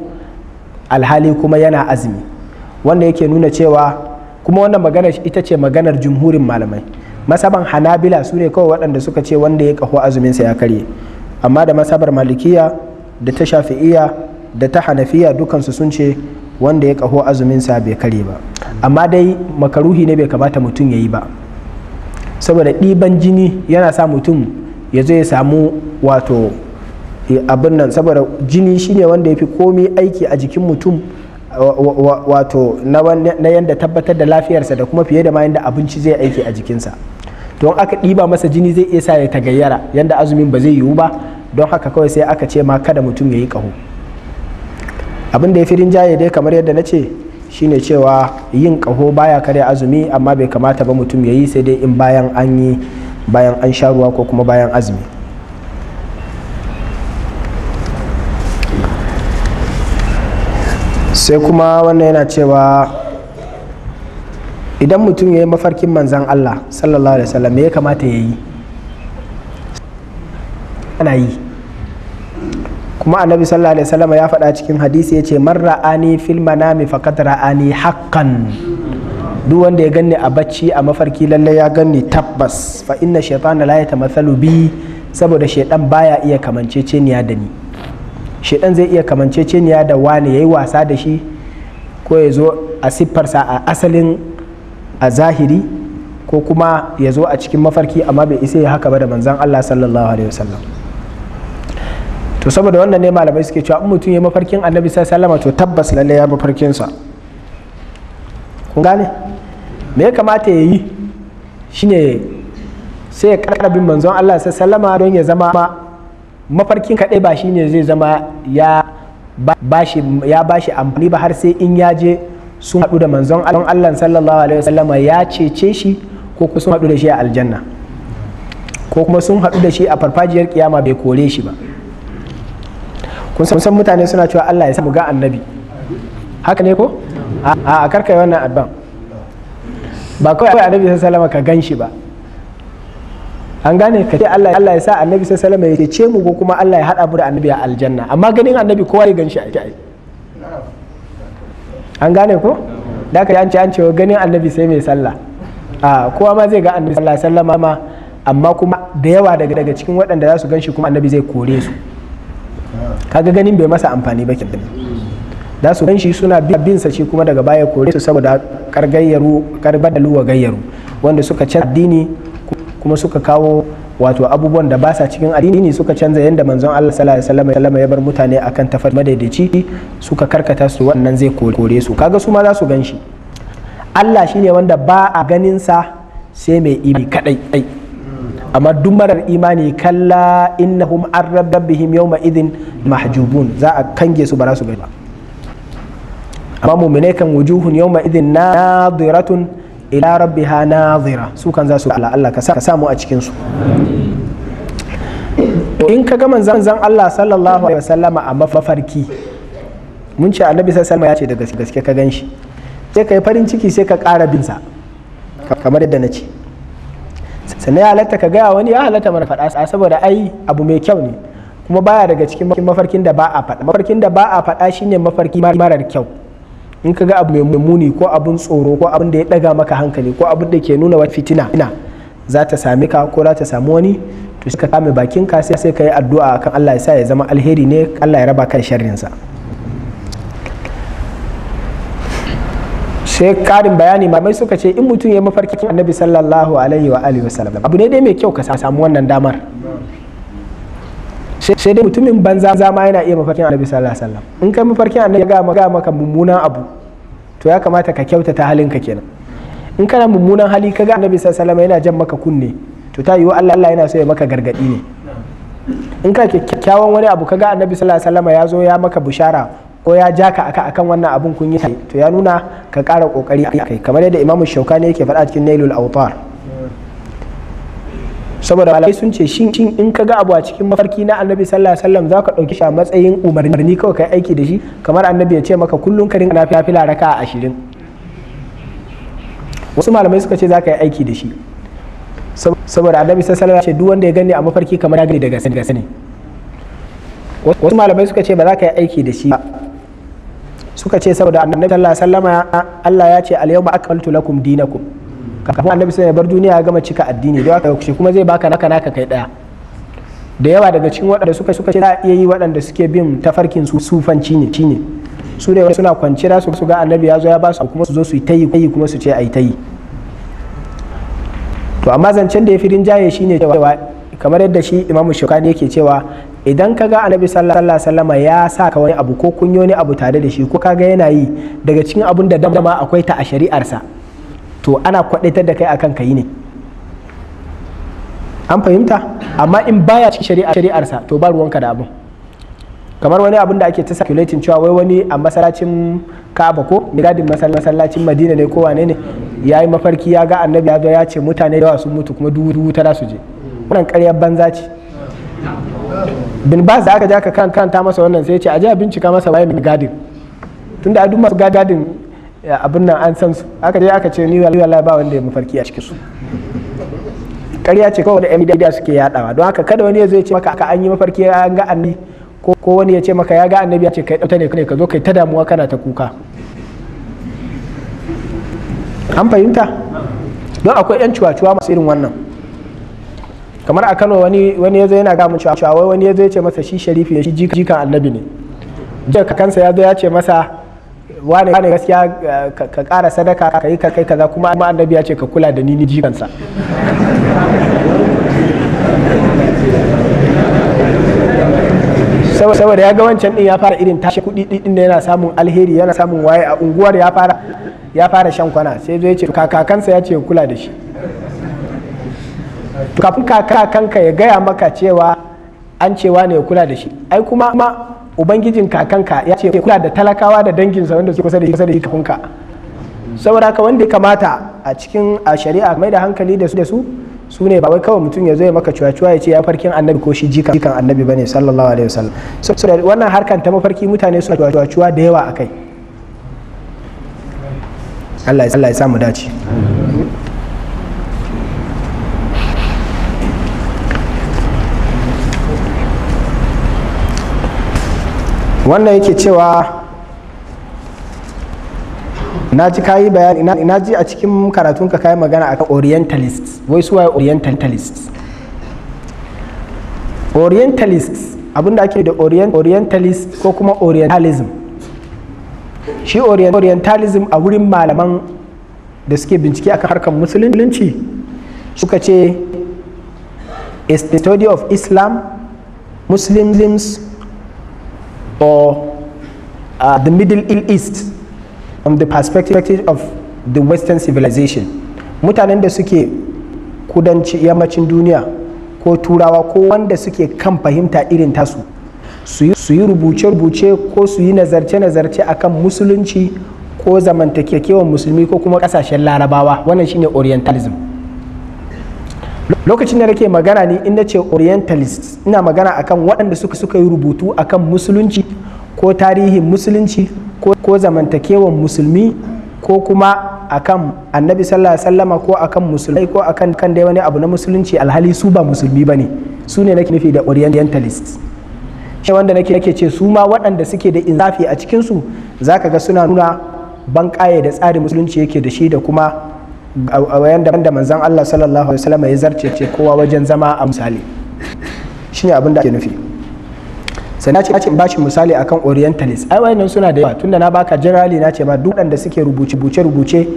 alhali kuma yana azumi wanda yake nuna cewa kuma wannan magana ita ce maganar jumhurin malamai masaban hanabila su ne kawai waɗanda suka ce wanda ya kaho azuminsa ya karye amma da masabar malikiya da ta shafi'iya da ta hanafiya dukansu sun ce wanda ya kaho azuminsa bai kare ba amma dai makaruhi ne bai kamata mutum ya yi ba saboda ɗiban jini yana sa mutum ya zo ya samu wato eh, abin nan saboda jini shine wanda ya fi komi aiki a jikin mutum wato na yadda tabbatar da lafiyarsa da kuma fiye da ma yadda abinci zai aiki a jikinsa to aka ɗiba masa jini zai iya sa ya tagayyara yanda azumin ba zai yiwu ba don haka kawai sai aka ce ma kada mutum ya yi ƙaho abin da ya fi rinjaye dai kamar yadda na ce shine cewa yin ƙaho baya karya azumi amma bai kamata ba mutum ya yi sai dai in bayan an yi bayan an sha ruwa ko kuma bayan azumi sai kuma wannan yana cewa idan mutum ya yi mafarkin manzan Allah sallallahu alaihi wasallam me ya kamata ya yi ana yi kuma annabi sallallahu alaihi wasallam ya faɗa cikin hadisi ya ce man ra'ani fil manami faqad ra'ani haqqan duk wanda ya ganni a bacci a mafarki lallai ya ganni tabbas fa inna shaytana la yatamathalu bi saboda shaytan baya iya kamanceceniya da ni shaytan zai iya kamanceceniya da wani yayi wasa da shi ko ya zo a siffarsa a asalin a zahiri ko kuma ya zo a cikin mafarki amma bai isa ya haka ba da manzan Allah sallallahu alaihi wasallam to saboda wannan ne malamai suke cewa in mutum ya mafarkin annabi sallallahu alaihi to tabbas lalle ya mafarkin sa kun gane me ya kamata ya yi shine sai ya bin manzon Allah sallallahu don ya zama mafarkin kaɗai ba shine zai zama ya shi ya shi amfani ba har sai in ya je sun haɗu da manzon Allah sallallahu alaihi wasallam ya cece shi ko kuma sun haɗu da shi a aljanna ko kuma sun haɗu da shi a farfajiyar kiyama bai kore shi ba kun san mutane suna cewa Allah ya samu ga annabi haka ne ko a karka wannan adban ba kawai annabi sallallahu alaihi wasallam ka gan shi ba an gane ka ce Allah ya sa annabi sallallahu alaihi wasallam ya ce mu ko kuma Allah ya haɗa mu da annabi a aljanna amma ganin annabi kowa ya gan shi a an gane ko da ka an an cewa ganin annabi sai mai sallah a kowa ma zai ga annabi sallah sallama ma amma kuma da yawa daga cikin waɗanda za su gan shi kuma annabi zai kore su kaga ganin bai masa amfani ba kin za su gan shi suna bin sa shi kuma daga baya kore su saboda kargayyaru karbadalu wa gayyaru wanda suka ci addini kuma suka kawo wato abubuwan da ba sa cikin addini suka canza yadda manzon Allah sallallahu alaihi ya bar mutane akan tafar madaidaici suka karkata su wannan zai kore su kaga su ma za su ganshi Allah shine wanda ba a ganin sa sai mai imani kadai amma duk marar imani kalla innahum arrabbihim yawma idhin mahjubun za a kange su ba za su gani ba amma mu'minai kan wujuhun yawma idhin nadiratun ila rabbiha nazira su kan za su ala Allah ka sa mu a cikin su in ka ga manzan Allah sallallahu alaihi wasallama a mafarki mun ce annabi sallallahu ya ce da gaske ka gan shi sai ka yi farin ciki sai ka ƙara bin sa kamar yadda na ce sannan ya halatta ka gaya wani ya halatta mana faɗa saboda ai abu mai kyau ne kuma baya daga cikin mafarkin da ba a faɗa mafarkin da ba a faɗa shine mafarki marar kyau in ka ga abu mai muni ko abin tsoro ko abin da ya daga maka hankali ko abin da ke nuna wa fitina za ta sami ka ko za ta samu wani to shi ka kame bakin ka sai sai ka yi addu'a akan Allah ya sa ya zama alheri ne Allah ya raba kan sharrin sa sai karin bayani mai suka ce in mutum ya mafarkin annabi sallallahu alaihi wa alihi wasallam abu ne dai mai kyau ka samu wannan damar sai dai mutumin banza ma yana iya mafarkin annabi sallallahu alaihi wasallam in kai mafarkin annabi ya ga maka mummunan abu to ya kamata ka kyautata halinka kenan in kana mummunan hali kaga annabi sallallahu yana jan maka kunne to ta yiwu Allah Allah yana so ya maka gargadi ne in ka kyakkyawan wani abu kaga annabi sallallahu alaihi ya zo ya maka bushara ko ya ja ka aka akan wannan abun kun yi to ya nuna ka ƙara kokari kai kamar yadda imamu shaukani yake faɗa cikin nailul autar saboda malamai sun ce shin in ka ga abu a cikin mafarki na annabi sallallahu alaihi wasallam zaka dauki shi a matsayin umarni kawai kai aiki da shi kamar annabi ya ce maka kullun karin na fila raka ashirin wasu malamai suka ce zaka yi aiki da shi saboda annabi sallallahu alaihi wasallam ce duk wanda ya gani a mafarki kamar ya gani daga sani gasani wasu malamai suka ce ba za ka yi aiki da shi ba suka ce saboda annabi sallallahu alaihi wasallam Allah ya ce al-yawma akmaltu lakum dinakum kafin annabi sai ya bar duniya ya gama cika addini da haka shi kuma zai baka naka naka kai daya da yawa daga cikin waɗanda suka suka ce za a iya yi waɗanda suke bin tafarkin su sufanci ne cine su da suna kwancira su su ga annabi ya zo ya ba su kuma su zo su yi tayi kuma su ce ai tayi to amma zancen da ya fi rinjaye shine cewa kamar yadda shi imamu shukani yake cewa idan ka ga annabi sallallahu alaihi ya sa ka wani abu ko kunyo ne abu tare da shi ko kaga yana yi daga cikin abun da dama akwai ta a shari'arsa to ana kwadaitar da kai akan kayi ne an fahimta amma in baya cikin shari'a shari'arsa to ba ruwanka da abin kamar wani abin da ake ta circulating cewa wai wani a masallacin Ka'aba ko gadin masallacin Madina ne ko wane ne yayi mafarki ya ga Annabi ya zo ya ce mutane da yawa sun mutu kuma dubu ta su je wannan ƙarya banza ce bin ba da aka ja ka kan ta masa wannan sai ya ce aje a bincika masa waye mai gadin tunda a duk masu gadin abin nan an san su aka je aka ce ni wallahi ba wanda ya mafarki a cikin su ƙarya ce kawai da yan media suke yadawa don haka kada wani ya zai ce maka aka an yi mafarki an ga annabi ko wani ya ce maka ya ga annabi ya ce kai dauta ne ka zo kai ta damuwa kana ta kuka an fahimta don akwai yan cuwa-cuwa masu irin wannan kamar a kano wani ya zai yana gamun cewa cuwa wani ya zai ce masa shi sharifi ne shi jikan annabi ne jiya kakansa ya zo ya ce masa wane wane gaskiya ka kara sadaka ka yi kai kaza kuma amma annabi ya ce ka kula da ni jikansa saboda ya ga wancan din ya fara irin tashi kudi din da yana samun alheri yana samun waye a unguwar ya fara ya fara shan kwana sai zai ce kakansa ya ce kula da shi kafin kakanka ya gaya maka cewa an cewa ne ya kula da shi ai kuma ubangijin kakanka ya ce kula da talakawa da danginsa wanda su kusa da kusa da kakunka saboda ka wanda ya kamata a cikin a shari'a mai da hankali da su da su su ne ba wai kawai mutum ya zo ya maka cuwa-cuwa ya ce ya farkin annabi ko shi jikan jikan annabi bane sallallahu alaihi wasallam saboda wannan harkan ta mafarki mutane suna cuwa-cuwa da yawa akai Allah ya sa mu dace wannan yake cewa na ji kayi bayani na ji a cikin karatun ka kayi magana akan orientalists wai su waye orientalists orientalists abinda ake da orientalist ko kuma orientalism shi orientalism a wurin malaman da suke bincike akan harkar musulunci suka ce a study of islam muslims or uh, the Middle East from the perspective of the Western civilization mutanen da suke kudanci yammacin duniya ko turawa ko wanda suke kan fahimta irin tasu su yi rubuce-rubuce ko su yi nazarce-nazarce akan musulunci ko zamantakewan musulmi ko kuma kasashen larabawa wannan shine orientalism lokacin da nake magana ne in ce orientalist ina magana akan waɗanda suka suka yi rubutu akan musulunci ko tarihin musulunci ko zamantakewan musulmi ko kuma akan annabi sallallahu alaihi wasallama ko akan musulmai ko akan kan dai wani abu na musulunci alhali su ba musulmi bane su ne nake nufi da orientalist shi wanda nake nake ce su ma waɗanda suke da insafi a cikin su zaka ga suna nuna ban da tsarin musulunci yake da shi da kuma wayan yanda manzan Allah sallallahu alaihi wasallam ya zarce ce kowa wajen zama a misali shine abin da ake nufi na ce ce bashi misali akan orientalist ai wayannan suna da yawa tunda na baka generally na ce ma duk da suke rubuce buce rubuce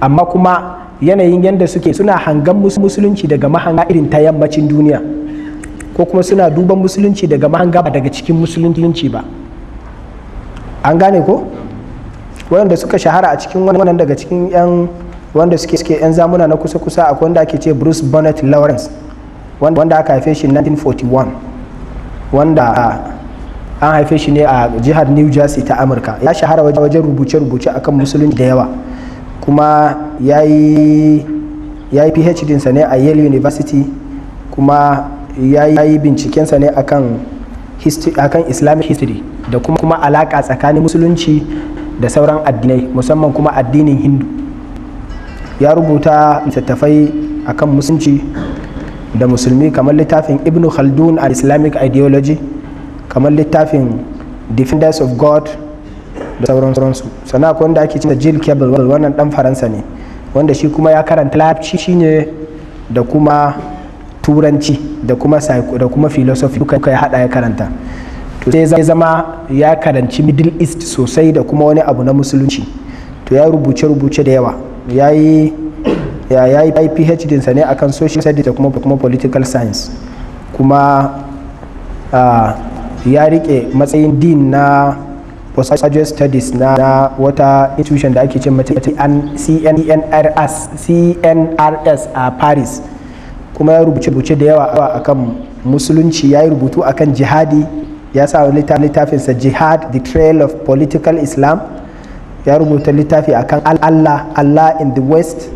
amma kuma yanayin yanda suke suna hangan musulunci daga mahanga irin ta yammacin duniya ko kuma suna duban musulunci daga mahanga ba daga cikin musulunci ba an gane ko wayanda suka shahara a cikin wannan daga cikin yan wanda suke suke yan zamuna na kusa-kusa akwai wanda ake ce bruce bonnet lawrence wanda aka haife shi 1941 wanda an haife shi ne a jihar new jersey ta amurka ya shahara wajen rubuce-rubuce akan musulunci da yawa kuma ya yi phd sa ne a yale university kuma ya yi binciken sa ne akan akan islamic history da kuma alaka tsakanin musulunci da sauran addinai musamman kuma addinin hindu ya rubuta littattafai akan musulunci da musulmi kamar littafin ibn khaldun a islamic ideology kamar littafin defenders of god da sauransu sana wanda ake cin da jill cable wannan dan faransa ne wanda shi kuma ya karanta larabci shine da kuma turanci da kuma da kuma philosophy duka ya hada ya karanta to sai zai zama ya karanci middle east sosai da kuma wani abu na musulunci to ya rubuce rubuce da yawa ya yi phd sa ne akan social studies da kuma kuma political science kuma ya rike matsayin dean na postgraduate studies na wata institution da ake ce mata cnrs e a paris kuma ya rubuce-rubuce da yawa akan musulunci ya yi rubutu akan jihadi ya sa littafinsa jihad the trail of political islam ya rubuta littafi akan Allah Allah in the west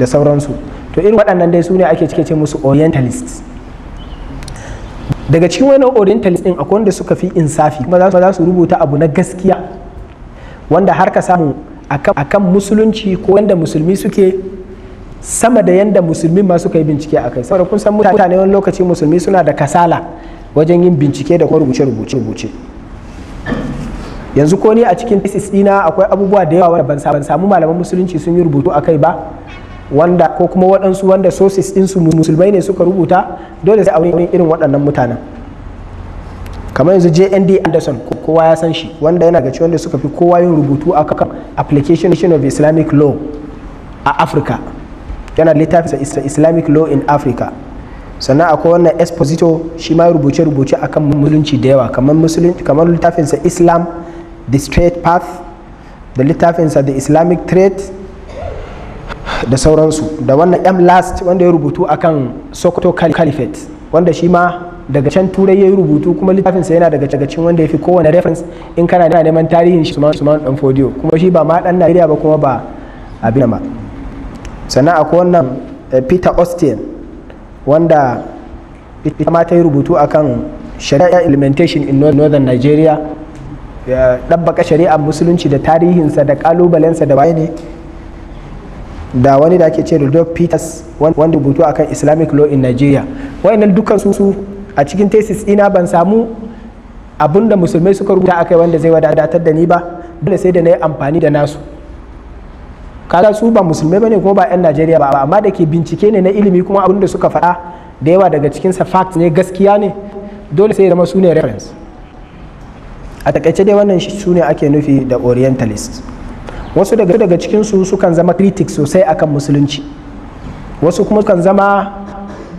da sauransu to irin waɗannan dai su ne ake cike ce musu orientalists daga cikin wani orientalist din akwai wanda suka fi insafi kuma za su rubuta abu na gaskiya wanda har ka samu akan musulunci ko yanda musulmi suke sama da yanda musulmi ma suka yi bincike a kai saboda kun san mutane wani lokaci musulmi suna da kasala wajen yin bincike da kuma rubuce-rubuce yanzu ko ni a cikin thesis dina akwai abubuwa da yawa wanda ban samu malaman musulunci sun yi rubutu a kai ba wanda ko kuma waɗansu wanda sources ɗinsu musulmai ne suka rubuta dole sai a wurin irin waɗannan mutanen kamar yanzu jnd anderson kowa ya san shi wanda yana gaci wanda suka fi kowa yin rubutu a kan application of islamic law a africa yana littafin islamic law in africa sannan akwai wannan exposito shi ma rubuce-rubuce akan musulunci da yawa kamar littafinsa islam the straight path da littafinsa the islamic trade da sauransu da wannan m last wanda ya rubutu akan sokoto caliphate wanda shi ma daga can turai ya rubutu kuma littafinsa yana daga cagacin wanda ya fi kowane reference in kana neman tarihin shi suman dan fodiyo kuma shi ba ma dan najeriya ba kuma ba abin ma sannan akwai wannan eh, peter austin wanda ita ma ta yi rubutu akan shari'a implementation in northern nigeria ɗabbaka shari'ar musulunci da tarihinsa da ƙalubalensa da ne da wani da ake ce Rudolf Peters wanda rubutu akan Islamic law in Nigeria wayannan dukkan su a cikin thesis ina ban samu abin da musulmai suka rubuta akai wanda zai wadatar da ni ba dole sai da na yi amfani da nasu kaga su ba musulmai bane kuma ba 'yan Najeriya ba amma da ke bincike ne na ilimi kuma abin da suka faɗa da yawa daga cikinsa fact ne gaskiya ne dole sai da zama su ne reference a takaice dai wannan su ne ake nufi da orientalist wasu daga daga cikinsu sukan zama critics sosai akan musulunci wasu kuma sukan zama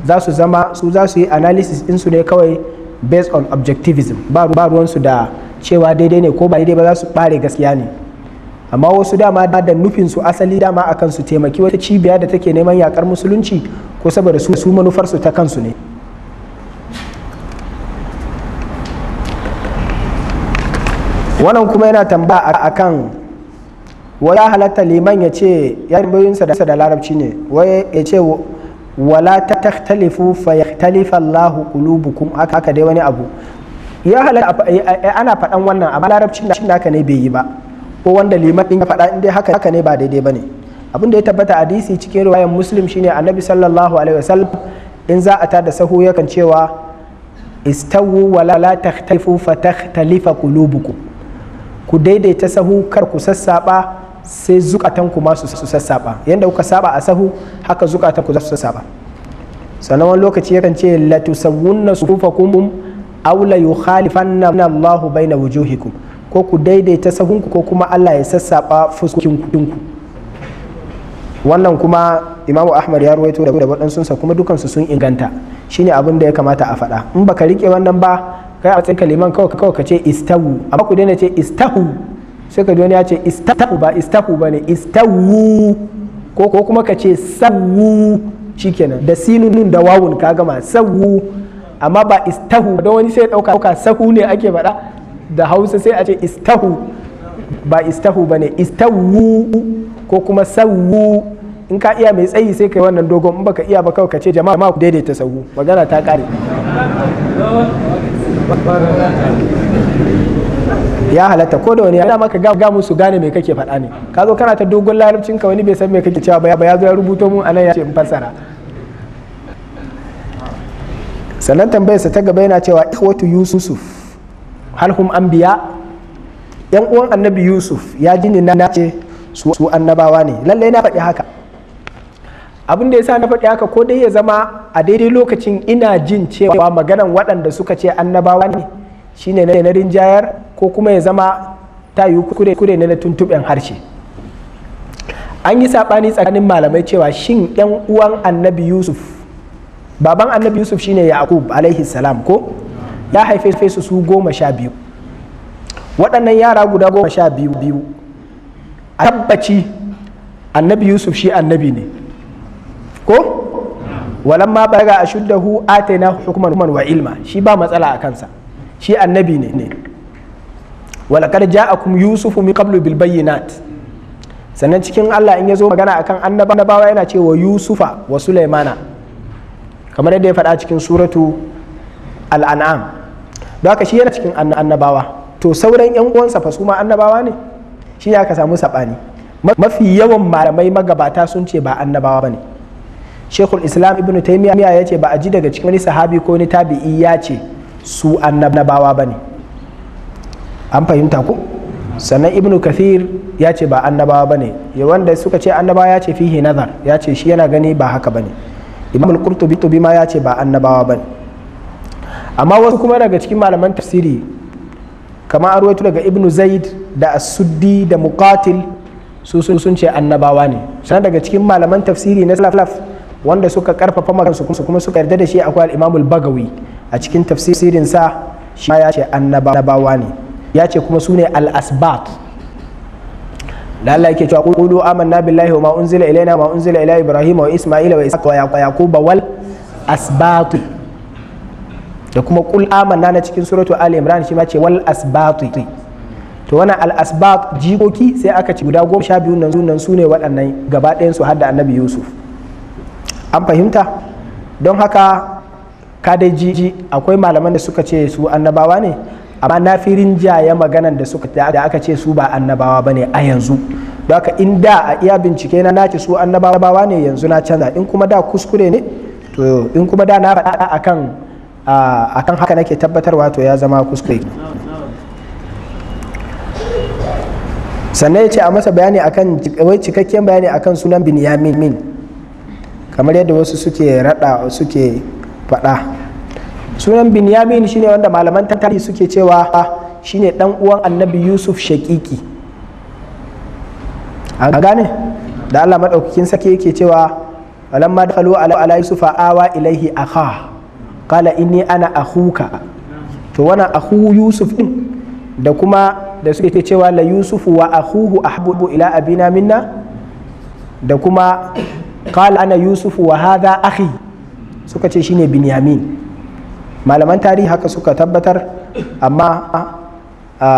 za su zama su za su yi analysis su ne kawai based on objectivism ba ruwansu da cewa daidai ne ko ba daidai ba za su ɓare gaskiya ne amma wasu dama da nufin su asali dama akan su taimaki wata cibiya da take neman yakar musulunci ko saboda su manufarsu ta kansu ne wannan kuma yana tambaya akan wala halatta liman ya ce ya tambayoyinsa da larabci ne wai ya ce wala ta takhtalifu fa yakhtalifa Allahu qulubukum aka dai wani abu ya halatta ana faɗan wannan amma Larabci da haka ne bai yi ba ko wanda liman din ya faɗa in dai haka haka ne ba daidai bane abin da ya tabbata hadisi cikin riwayar muslim shine annabi sallallahu alaihi wasallam in za a tada sahu yakan cewa istawu wala la takhtalifu fa takhtalifa qulubukum ku daidaita sahu kar ku sassaba sai zukatanku ma su sassaba yadda kuka saba a sahu haka zukatanku za su sassaba sannan wani lokaci yakan ce la tusawwunna na aw la yukhalifanna Allahu baina wujuhikum ko ku daidaita sahunku ko kuma Allah ya sassaba fuskokinku wannan kuma Imamu Ahmad ya ruwaito da waɗansu kuma dukansu sun inganta shine abin da ya kamata a faɗa in baka rike wannan ba kai a matsayin kaliman kawai kawai ka ce istahu amma ku daina ce istahu sai ka duniya ya ce istahu ba istahu ba ne istahu ko ko kuma ka ce sawu shikenan da sinunun da wawun ka gama sawu amma ba istahu don wani sai dauka dauka sahu ne ake faɗa da hausa sai a ce istahu ba istahu ba ne istahu ko kuma sawu in ka iya mai tsayi sai kai wannan dogon in baka iya ba kawai ka ce jama'a ku daidaita sahu magana ta kare ya halatta ko da wani ya maka maka ga musu gane me kake faɗa ne ka zo kana ta dogon larabcin ka wani bai san me kake cewa ba ya zo ya rubuto a anan ya ce in fassara sannan tambayarsa ta gaba yana cewa ikhwatu yusuf hal hum anbiya yan uwan annabi yusuf ya jini na ce su annabawa ne lallai na faɗi haka abin da ya sa na faɗi haka ko dai ya zama a daidai lokacin ina jin cewa maganan waɗanda suka ce annabawa ne shine na rinjayar ko kuma ya zama ta yi kure ne na tuntuɓen harshe an yi saɓani tsakanin malamai cewa shin yan uwan annabi yusuf baban annabi yusuf shine yaqub alaihi salam ko ya haife su su goma sha biyu waɗannan yara guda goma sha biyu biyu a tabbaci annabi yusuf shi annabi ne ko walan ma walamma balaga ashuddahu atayna hukman wa ilma shi ba matsala a kansa shi annabi ne ne walaqad ja'akum yusufu min qablu bil bayyinat sannan cikin Allah in ya zo magana akan annabawa yana cewa yusufa wa sulaimana kamar yadda ya faɗa cikin suratu al'an'am don haka shi yana cikin annabawa to sauran yan uwansa fa su ma annabawa ne shi ya ka samu saɓani mafi yawan malamai magabata sun ce ba annabawa ba ne shekul islam ibn taimiyya ya ce ba a ji daga cikin wani sahabi ko wani tabi'i ya ce su annabawa ba ne an fahimta ku sannan ibn kathir ya ce ba annabawa ba ne wanda suka ce annabawa ya ce fihi nazar ya ce shi yana gani ba haka ba ne imam al-qurtubi tubi ma ya ce ba annabawa ba ne amma wasu kuma daga cikin malaman tafsiri kamar ruwaitu daga ibn zaid da asuddi da muqatil su sun ce annabawa ne sannan daga cikin malaman tafsiri na salaf wanda suka karfafa magansu kuma suka yarda da shi akwai al-imamul bagawi a cikin tafsirin sa shi ya ce annabawa ne ya ce kuma su ne al-asbat da Allah yake cewa qulu amanna billahi wa ma unzila ilaina wa ma unzila ila ibrahima wa isma'ila wa ishaqa wa yaquba wal asbat da kuma qul amanna na cikin suratu ali imran shi ma ce wal asbat to wannan al asbat jikoki sai aka ci guda goma sha biyu nan su ne waɗannan gaba ɗayan su har da annabi yusuf an fahimta don haka kadeji akwai malaman da suka ce su annabawa ne amma na fi rinjaye maganan da suka da aka ce su ba annabawa bane a yanzu don haka in da a iya bincike na nace su annabawa ne yanzu na canza in kuma da kuskure ne to in kuma da na faɗa akan akan haka nake tabbatarwa to ya zama kuskure sannan ya ce a masa bayani akan wai cikakken bayani akan sunan bin min. kamar yadda wasu suke rada suke faɗa sunan yamin shine wanda malaman tarihi suke cewa shine dan uwan annabi yusuf shakiki a gane da allah maɗaukakin sake yake cewa walamma da kalu ala yusufa awa ilaihi akha kala inni ana ahuka to wannan ahu yusuf din da kuma da suke cewa la yusufu wa ahuhu ahabu ila abina minna da kuma qala ana yusuf wa hadha akhi suka ce shine binyamin malaman tarihi haka suka tabbatar amma a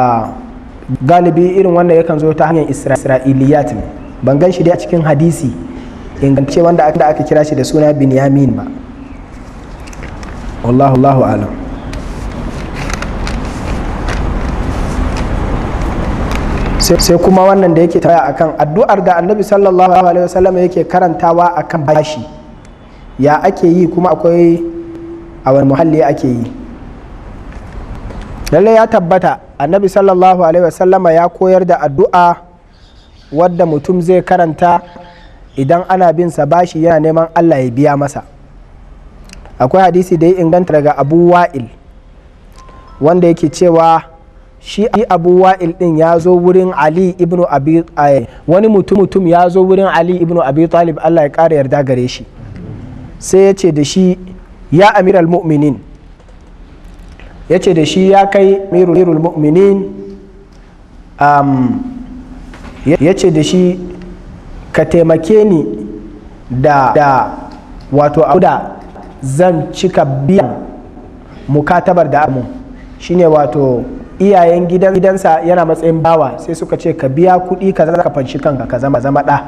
galibi irin wanda yakan zo ta hanyar isra'iliyat ne ban gan shi dai a cikin hadisi ingance wanda aka kira shi da suna binyamin ba wallahu alam sai kuma wannan da yake taya akan addu'ar da annabi sallallahu alaihi wasallam yake karantawa akan bashi ya ake yi kuma akwai a wani muhalli ake yi lallai ya tabbata annabi sallallahu alaihi wasallam ya koyar da addu'a wadda mutum zai karanta idan ana bin sa bashi yana neman allah ya biya masa akwai hadisi da ya inganta daga abu wa'il wanda yake cewa shi abu wa'il din ya zo wurin ali ibnu abi eh, wani mutum mutum ya zo wurin ali ibnu abi talib allah ya kara yarda gare shi sai ya ce da shi ya amir al-mu'minin ya ce da shi ya kai mirul mu'minin ya ce da shi ka taimake ni da wato abu da zan cika biyan mukatabar da amu shine wato iyayen gidansa yana matsayin bawa sai suka ce ka biya kuɗi ka zaka fanshi kanka ka zama zama ɗa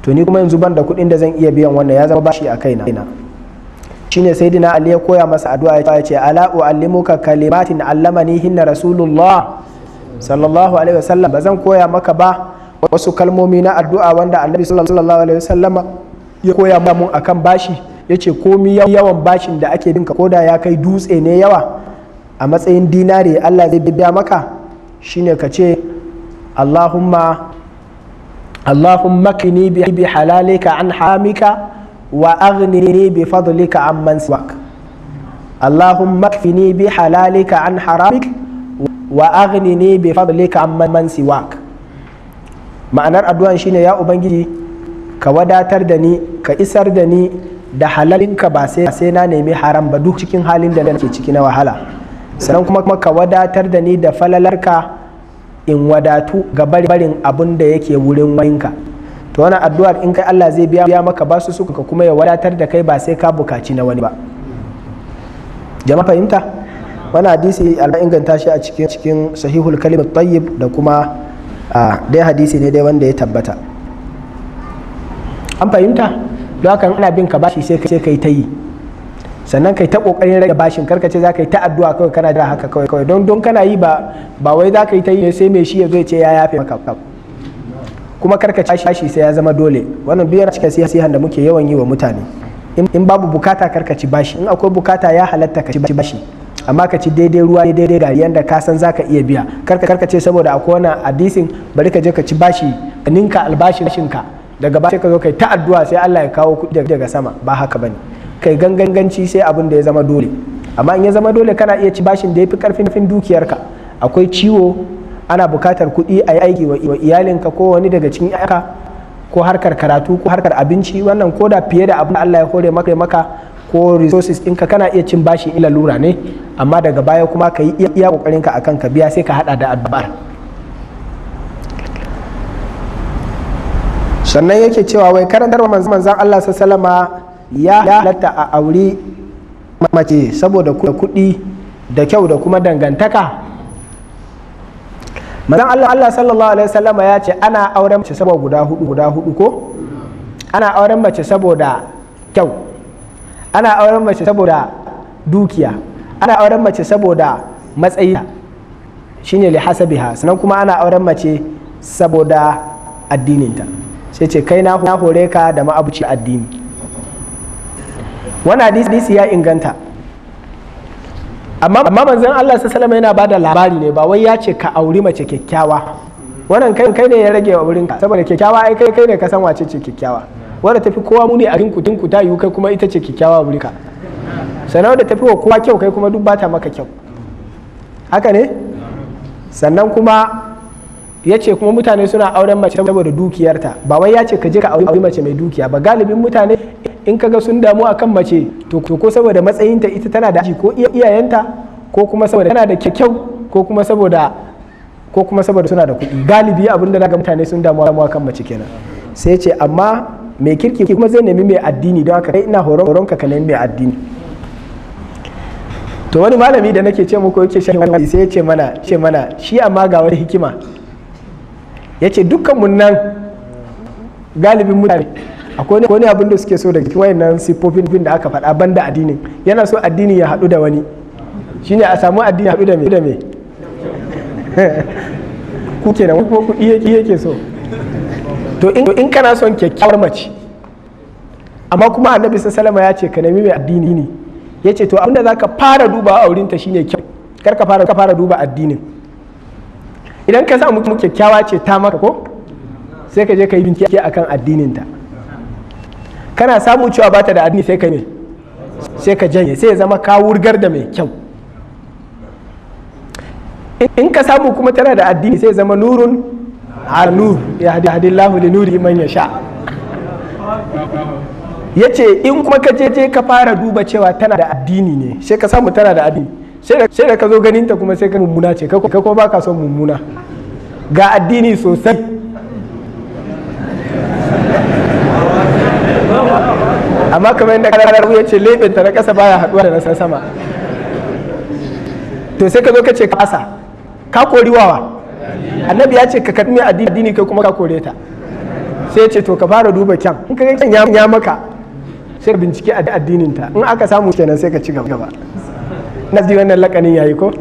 to ni kuma yanzu ban da kuɗin da zan iya biyan wannan ya zama bashi a kaina shine sayyidina ali ya koya masa addu'a ya ce ala uallimuka kalimatin allamani hinna rasulullah sallallahu alaihi wasallam ba zan koya maka ba wasu kalmomi na addu'a wanda annabi sallallahu alaihi wasallam ya koya mun akan bashi yace komi yawan bashin da ake binka koda ya kai dutse ne yawa a matsayin dinari Allah zai biya maka shine ka ce Allahumma Allahumma kini bi halalika an hamika wa aghnini bi fadlika an siwak Allahumma kini bi halalika an haramik wa aghnini bi fadlika an siwak ma'anar addu'an shine ya ubangiji ka wadatar da ni ka isar da ni da halalinka ba sai na nemi haram ba duk cikin halin da nake ciki na wahala sannan kuma ka wadatar da ni da falalarka in wadatu ga barin abin da yake wurin wayinka to wannan addu'ar in kai Allah zai biya maka basu suka kuma ya wadatar da kai ba sai ka bukaci na wani ba jama'a fahimta wani hadisi alba inganta shi a cikin cikin sahihul kalim tayyib da kuma dai hadisi ne dai wanda ya tabbata an fahimta lokacin ana bin ka bashi sai kai ta yi sannan kai ta kokarin rage bashin karka ce ka yi ta addu'a kawai kana da haka kawai kawai don don kana yi ba ba wai ka yi ta yi sai mai shi ya zo ce ya yafe maka kuma karka ci sai ya zama dole wannan biyar a cikin siyasihan da muke yawan yi wa mutane in babu bukata karka bashi in akwai bukata ya halatta ka ci bashi amma ka ci daidai ruwa daidai gari yanda ka san zaka iya biya karka saboda akwai wani hadisin bari ka je ka ci bashi ninka albashin ka daga ba sai ka zo kai ta addu'a sai Allah ya kawo kuɗi daga sama ba haka bane kai ganganganci sai abin da ya zama dole amma in ya zama dole kana iya ci bashin da ya fi karfin dukiyarka akwai ciwo ana bukatar kuɗi a yi aiki wa iyalinka ko wani daga cikin yaka ko harkar karatu ko harkar abinci wannan ko da fiye da abin da Allah ya hore maka maka ko resources ɗinka kana iya cin bashi ila lura ne amma daga baya kuma ka yi iya ka akan ka biya sai ka haɗa da addu'ar sannan yake cewa wai karantar manzan Allah sallama ya halatta a aure mace saboda kuɗi da kyau da kuma dangantaka manzon Allah Allah sallallahu alaihi wasallama ya ce ana auren mace saboda guda hudu guda hudu ko ana auren mace saboda kyau ana auren mace saboda dukiya ana auren mace saboda matsayi shine li hasabiha sannan kuma ana auren mace saboda addininta sai ce kai na hore ka da ma'abuci addini wani hadisi ya inganta amma manzon Allah sallallahu yana ba da labari ne ba wai ya ce ka auri mace kyakkyawa wannan kai kai ne ya rage wa wurinka saboda kyakkyawa ai kai kai ne ka san wace ce kyakkyawa wanda tafi kowa muni a rinku tinku ta yiwu kai kuma ita ce kyakkyawa wurinka sannan da tafi wa kowa kyau kai kuma duk bata maka kyau haka ne sannan kuma ya ce kuma mutane suna auren mace saboda dukiyarta ba wai ya ce ka je ka auri mace mai dukiya ba galibin mutane in ka ga sun damu akan mace to ko saboda matsayinta ita tana da ko iyayenta ko kuma saboda tana da kyau ko kuma saboda ko kuma saboda suna da kuɗi galibi abin da ga mutane sun damu akan mace kenan sai ce amma mai kirki kuma zai nemi mai addini don haka kai ina horon ka ka nemi mai addini to wani malami da nake ce muku yake shan sai ya ce mana ce mana shi amma ga wani hikima ya ce dukkanmu nan galibin mutane akwai ne abinda suke so da cikin nan siffofin da aka faɗa banda addinin yana so addini ya haɗu da wani shine a samu addini haɗu da mai da me ku kenan wani kuma kuɗi yake so to in kana son kyakkyawar mace amma kuma annabi salama ya ce ka nemi mai addini ne ya ce to abinda za ka fara duba a wurinta shine kyau kar ka fara duba addinin idan ka samu kyakkyawa ce ta maka ko sai ka je ka yi bincike akan addinin ta kana samu cewa bata da addini sai ka ne sai ka janye sai ya zama ka wurgar da mai kyau in ka samu kuma tana da addini sai zama nurun al nur ya hadi Allahu li nuri man yasha yace in kuma ka je ka fara duba cewa tana da addini ne sai ka samu tana da addini sai da ka zo ganinta kuma sai ka mummuna ce ka ko baka son mummuna ga addini sosai amma kamar yadda karar ya ce leɓinta na ƙasa baya haɗuwa da na sama to sai ka zo ka ce kasa ka kori wawa annabi ya ce ka karmi addini kai kuma ka kore ta sai ce to ka fara duba kyan in ka kyan ya maka sai ka bincike addininta in aka samu kenan sai ka ci gaba na ji wannan lakanin yayi ko hmm.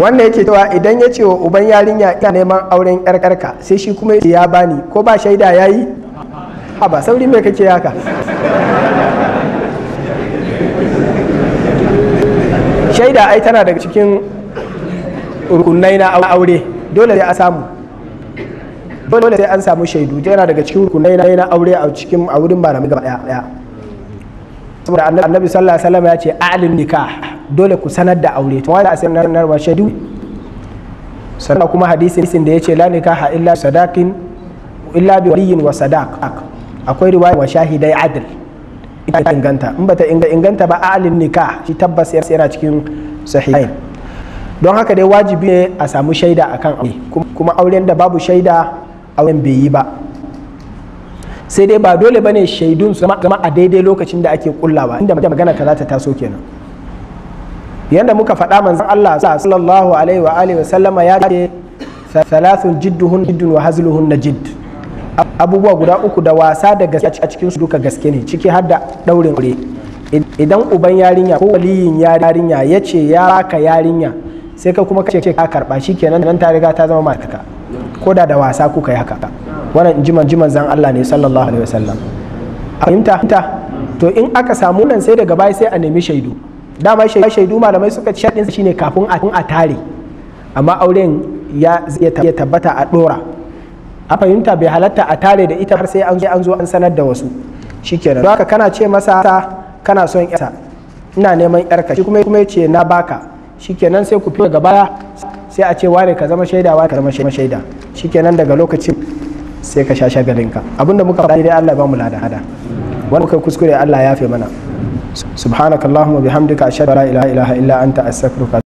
wannan yake cewa idan ya ce wa uban yarinya ina neman auren yar karka sai shi kuma ya bani ko ba shaida ya yi ha ba sauri mai kake yaka shaida ai tana daga cikin rukunai na aure dole sai a samu dole sai an samu shaidu yana daga cikin rukunai na aure a cikin a wurin malamai gaba daya saboda annabi sallallahu alaihi wasallam ya ce a'lin nikah dole ku sanar da aure to wani asirin nan wa shaidu sannan kuma hadisin da ya ce la nikaha illa sadaqin illa bi waliyin wa sadaq akwai riwaya wa shahidai adl ita inganta in bata inganta ba a'lin nikah shi tabbas yana cikin sahihain don haka dai wajibi ne a samu shaida akan aure kuma auren da babu shaida auren bai yi ba sai dai ba dole bane shaidun su zama a daidai lokacin da ake kullawa inda magana ta za ta taso kenan yadda muka faɗa manzan Allah sallallahu alaihi wa alihi wa sallama ya ce salasun jidduhun jiddun wa hazluhun na jidd abubuwa guda uku da wasa da gaske a cikin su duka gaske ne ciki har da daurin aure idan uban yarinya ko waliyin yarinya ya ce ya baka yarinya sai ka kuma kace ka karba shikenan nan ta riga ta zama matarka ko da da wasa kuka yi haka wannan jiman jiman zan Allah ne sallallahu alaihi wasallam fahimta to in aka samu nan sai daga baya sai a nemi shaidu dama shaidu malamai suka ci shaɗin shine kafin a tare amma auren ya tabbata a ɗora a fahimta bai halatta a tare da ita har sai an zo an sanar da wasu shikenan don haka kana ce masa kana son yarsa ina neman yarka shi kuma ya ce na baka shikenan sai ku fi daga baya sai a ce wane ka zama shaida wane ka zama shaida shikenan daga lokacin sai ka sha ka abinda muka faɗa dai Allah ba mu lada hada wanda kai kuskure Allah ya fi mana subhanakallahumma bihamdika ashhadu an la ilaha illa anta astaghfiruka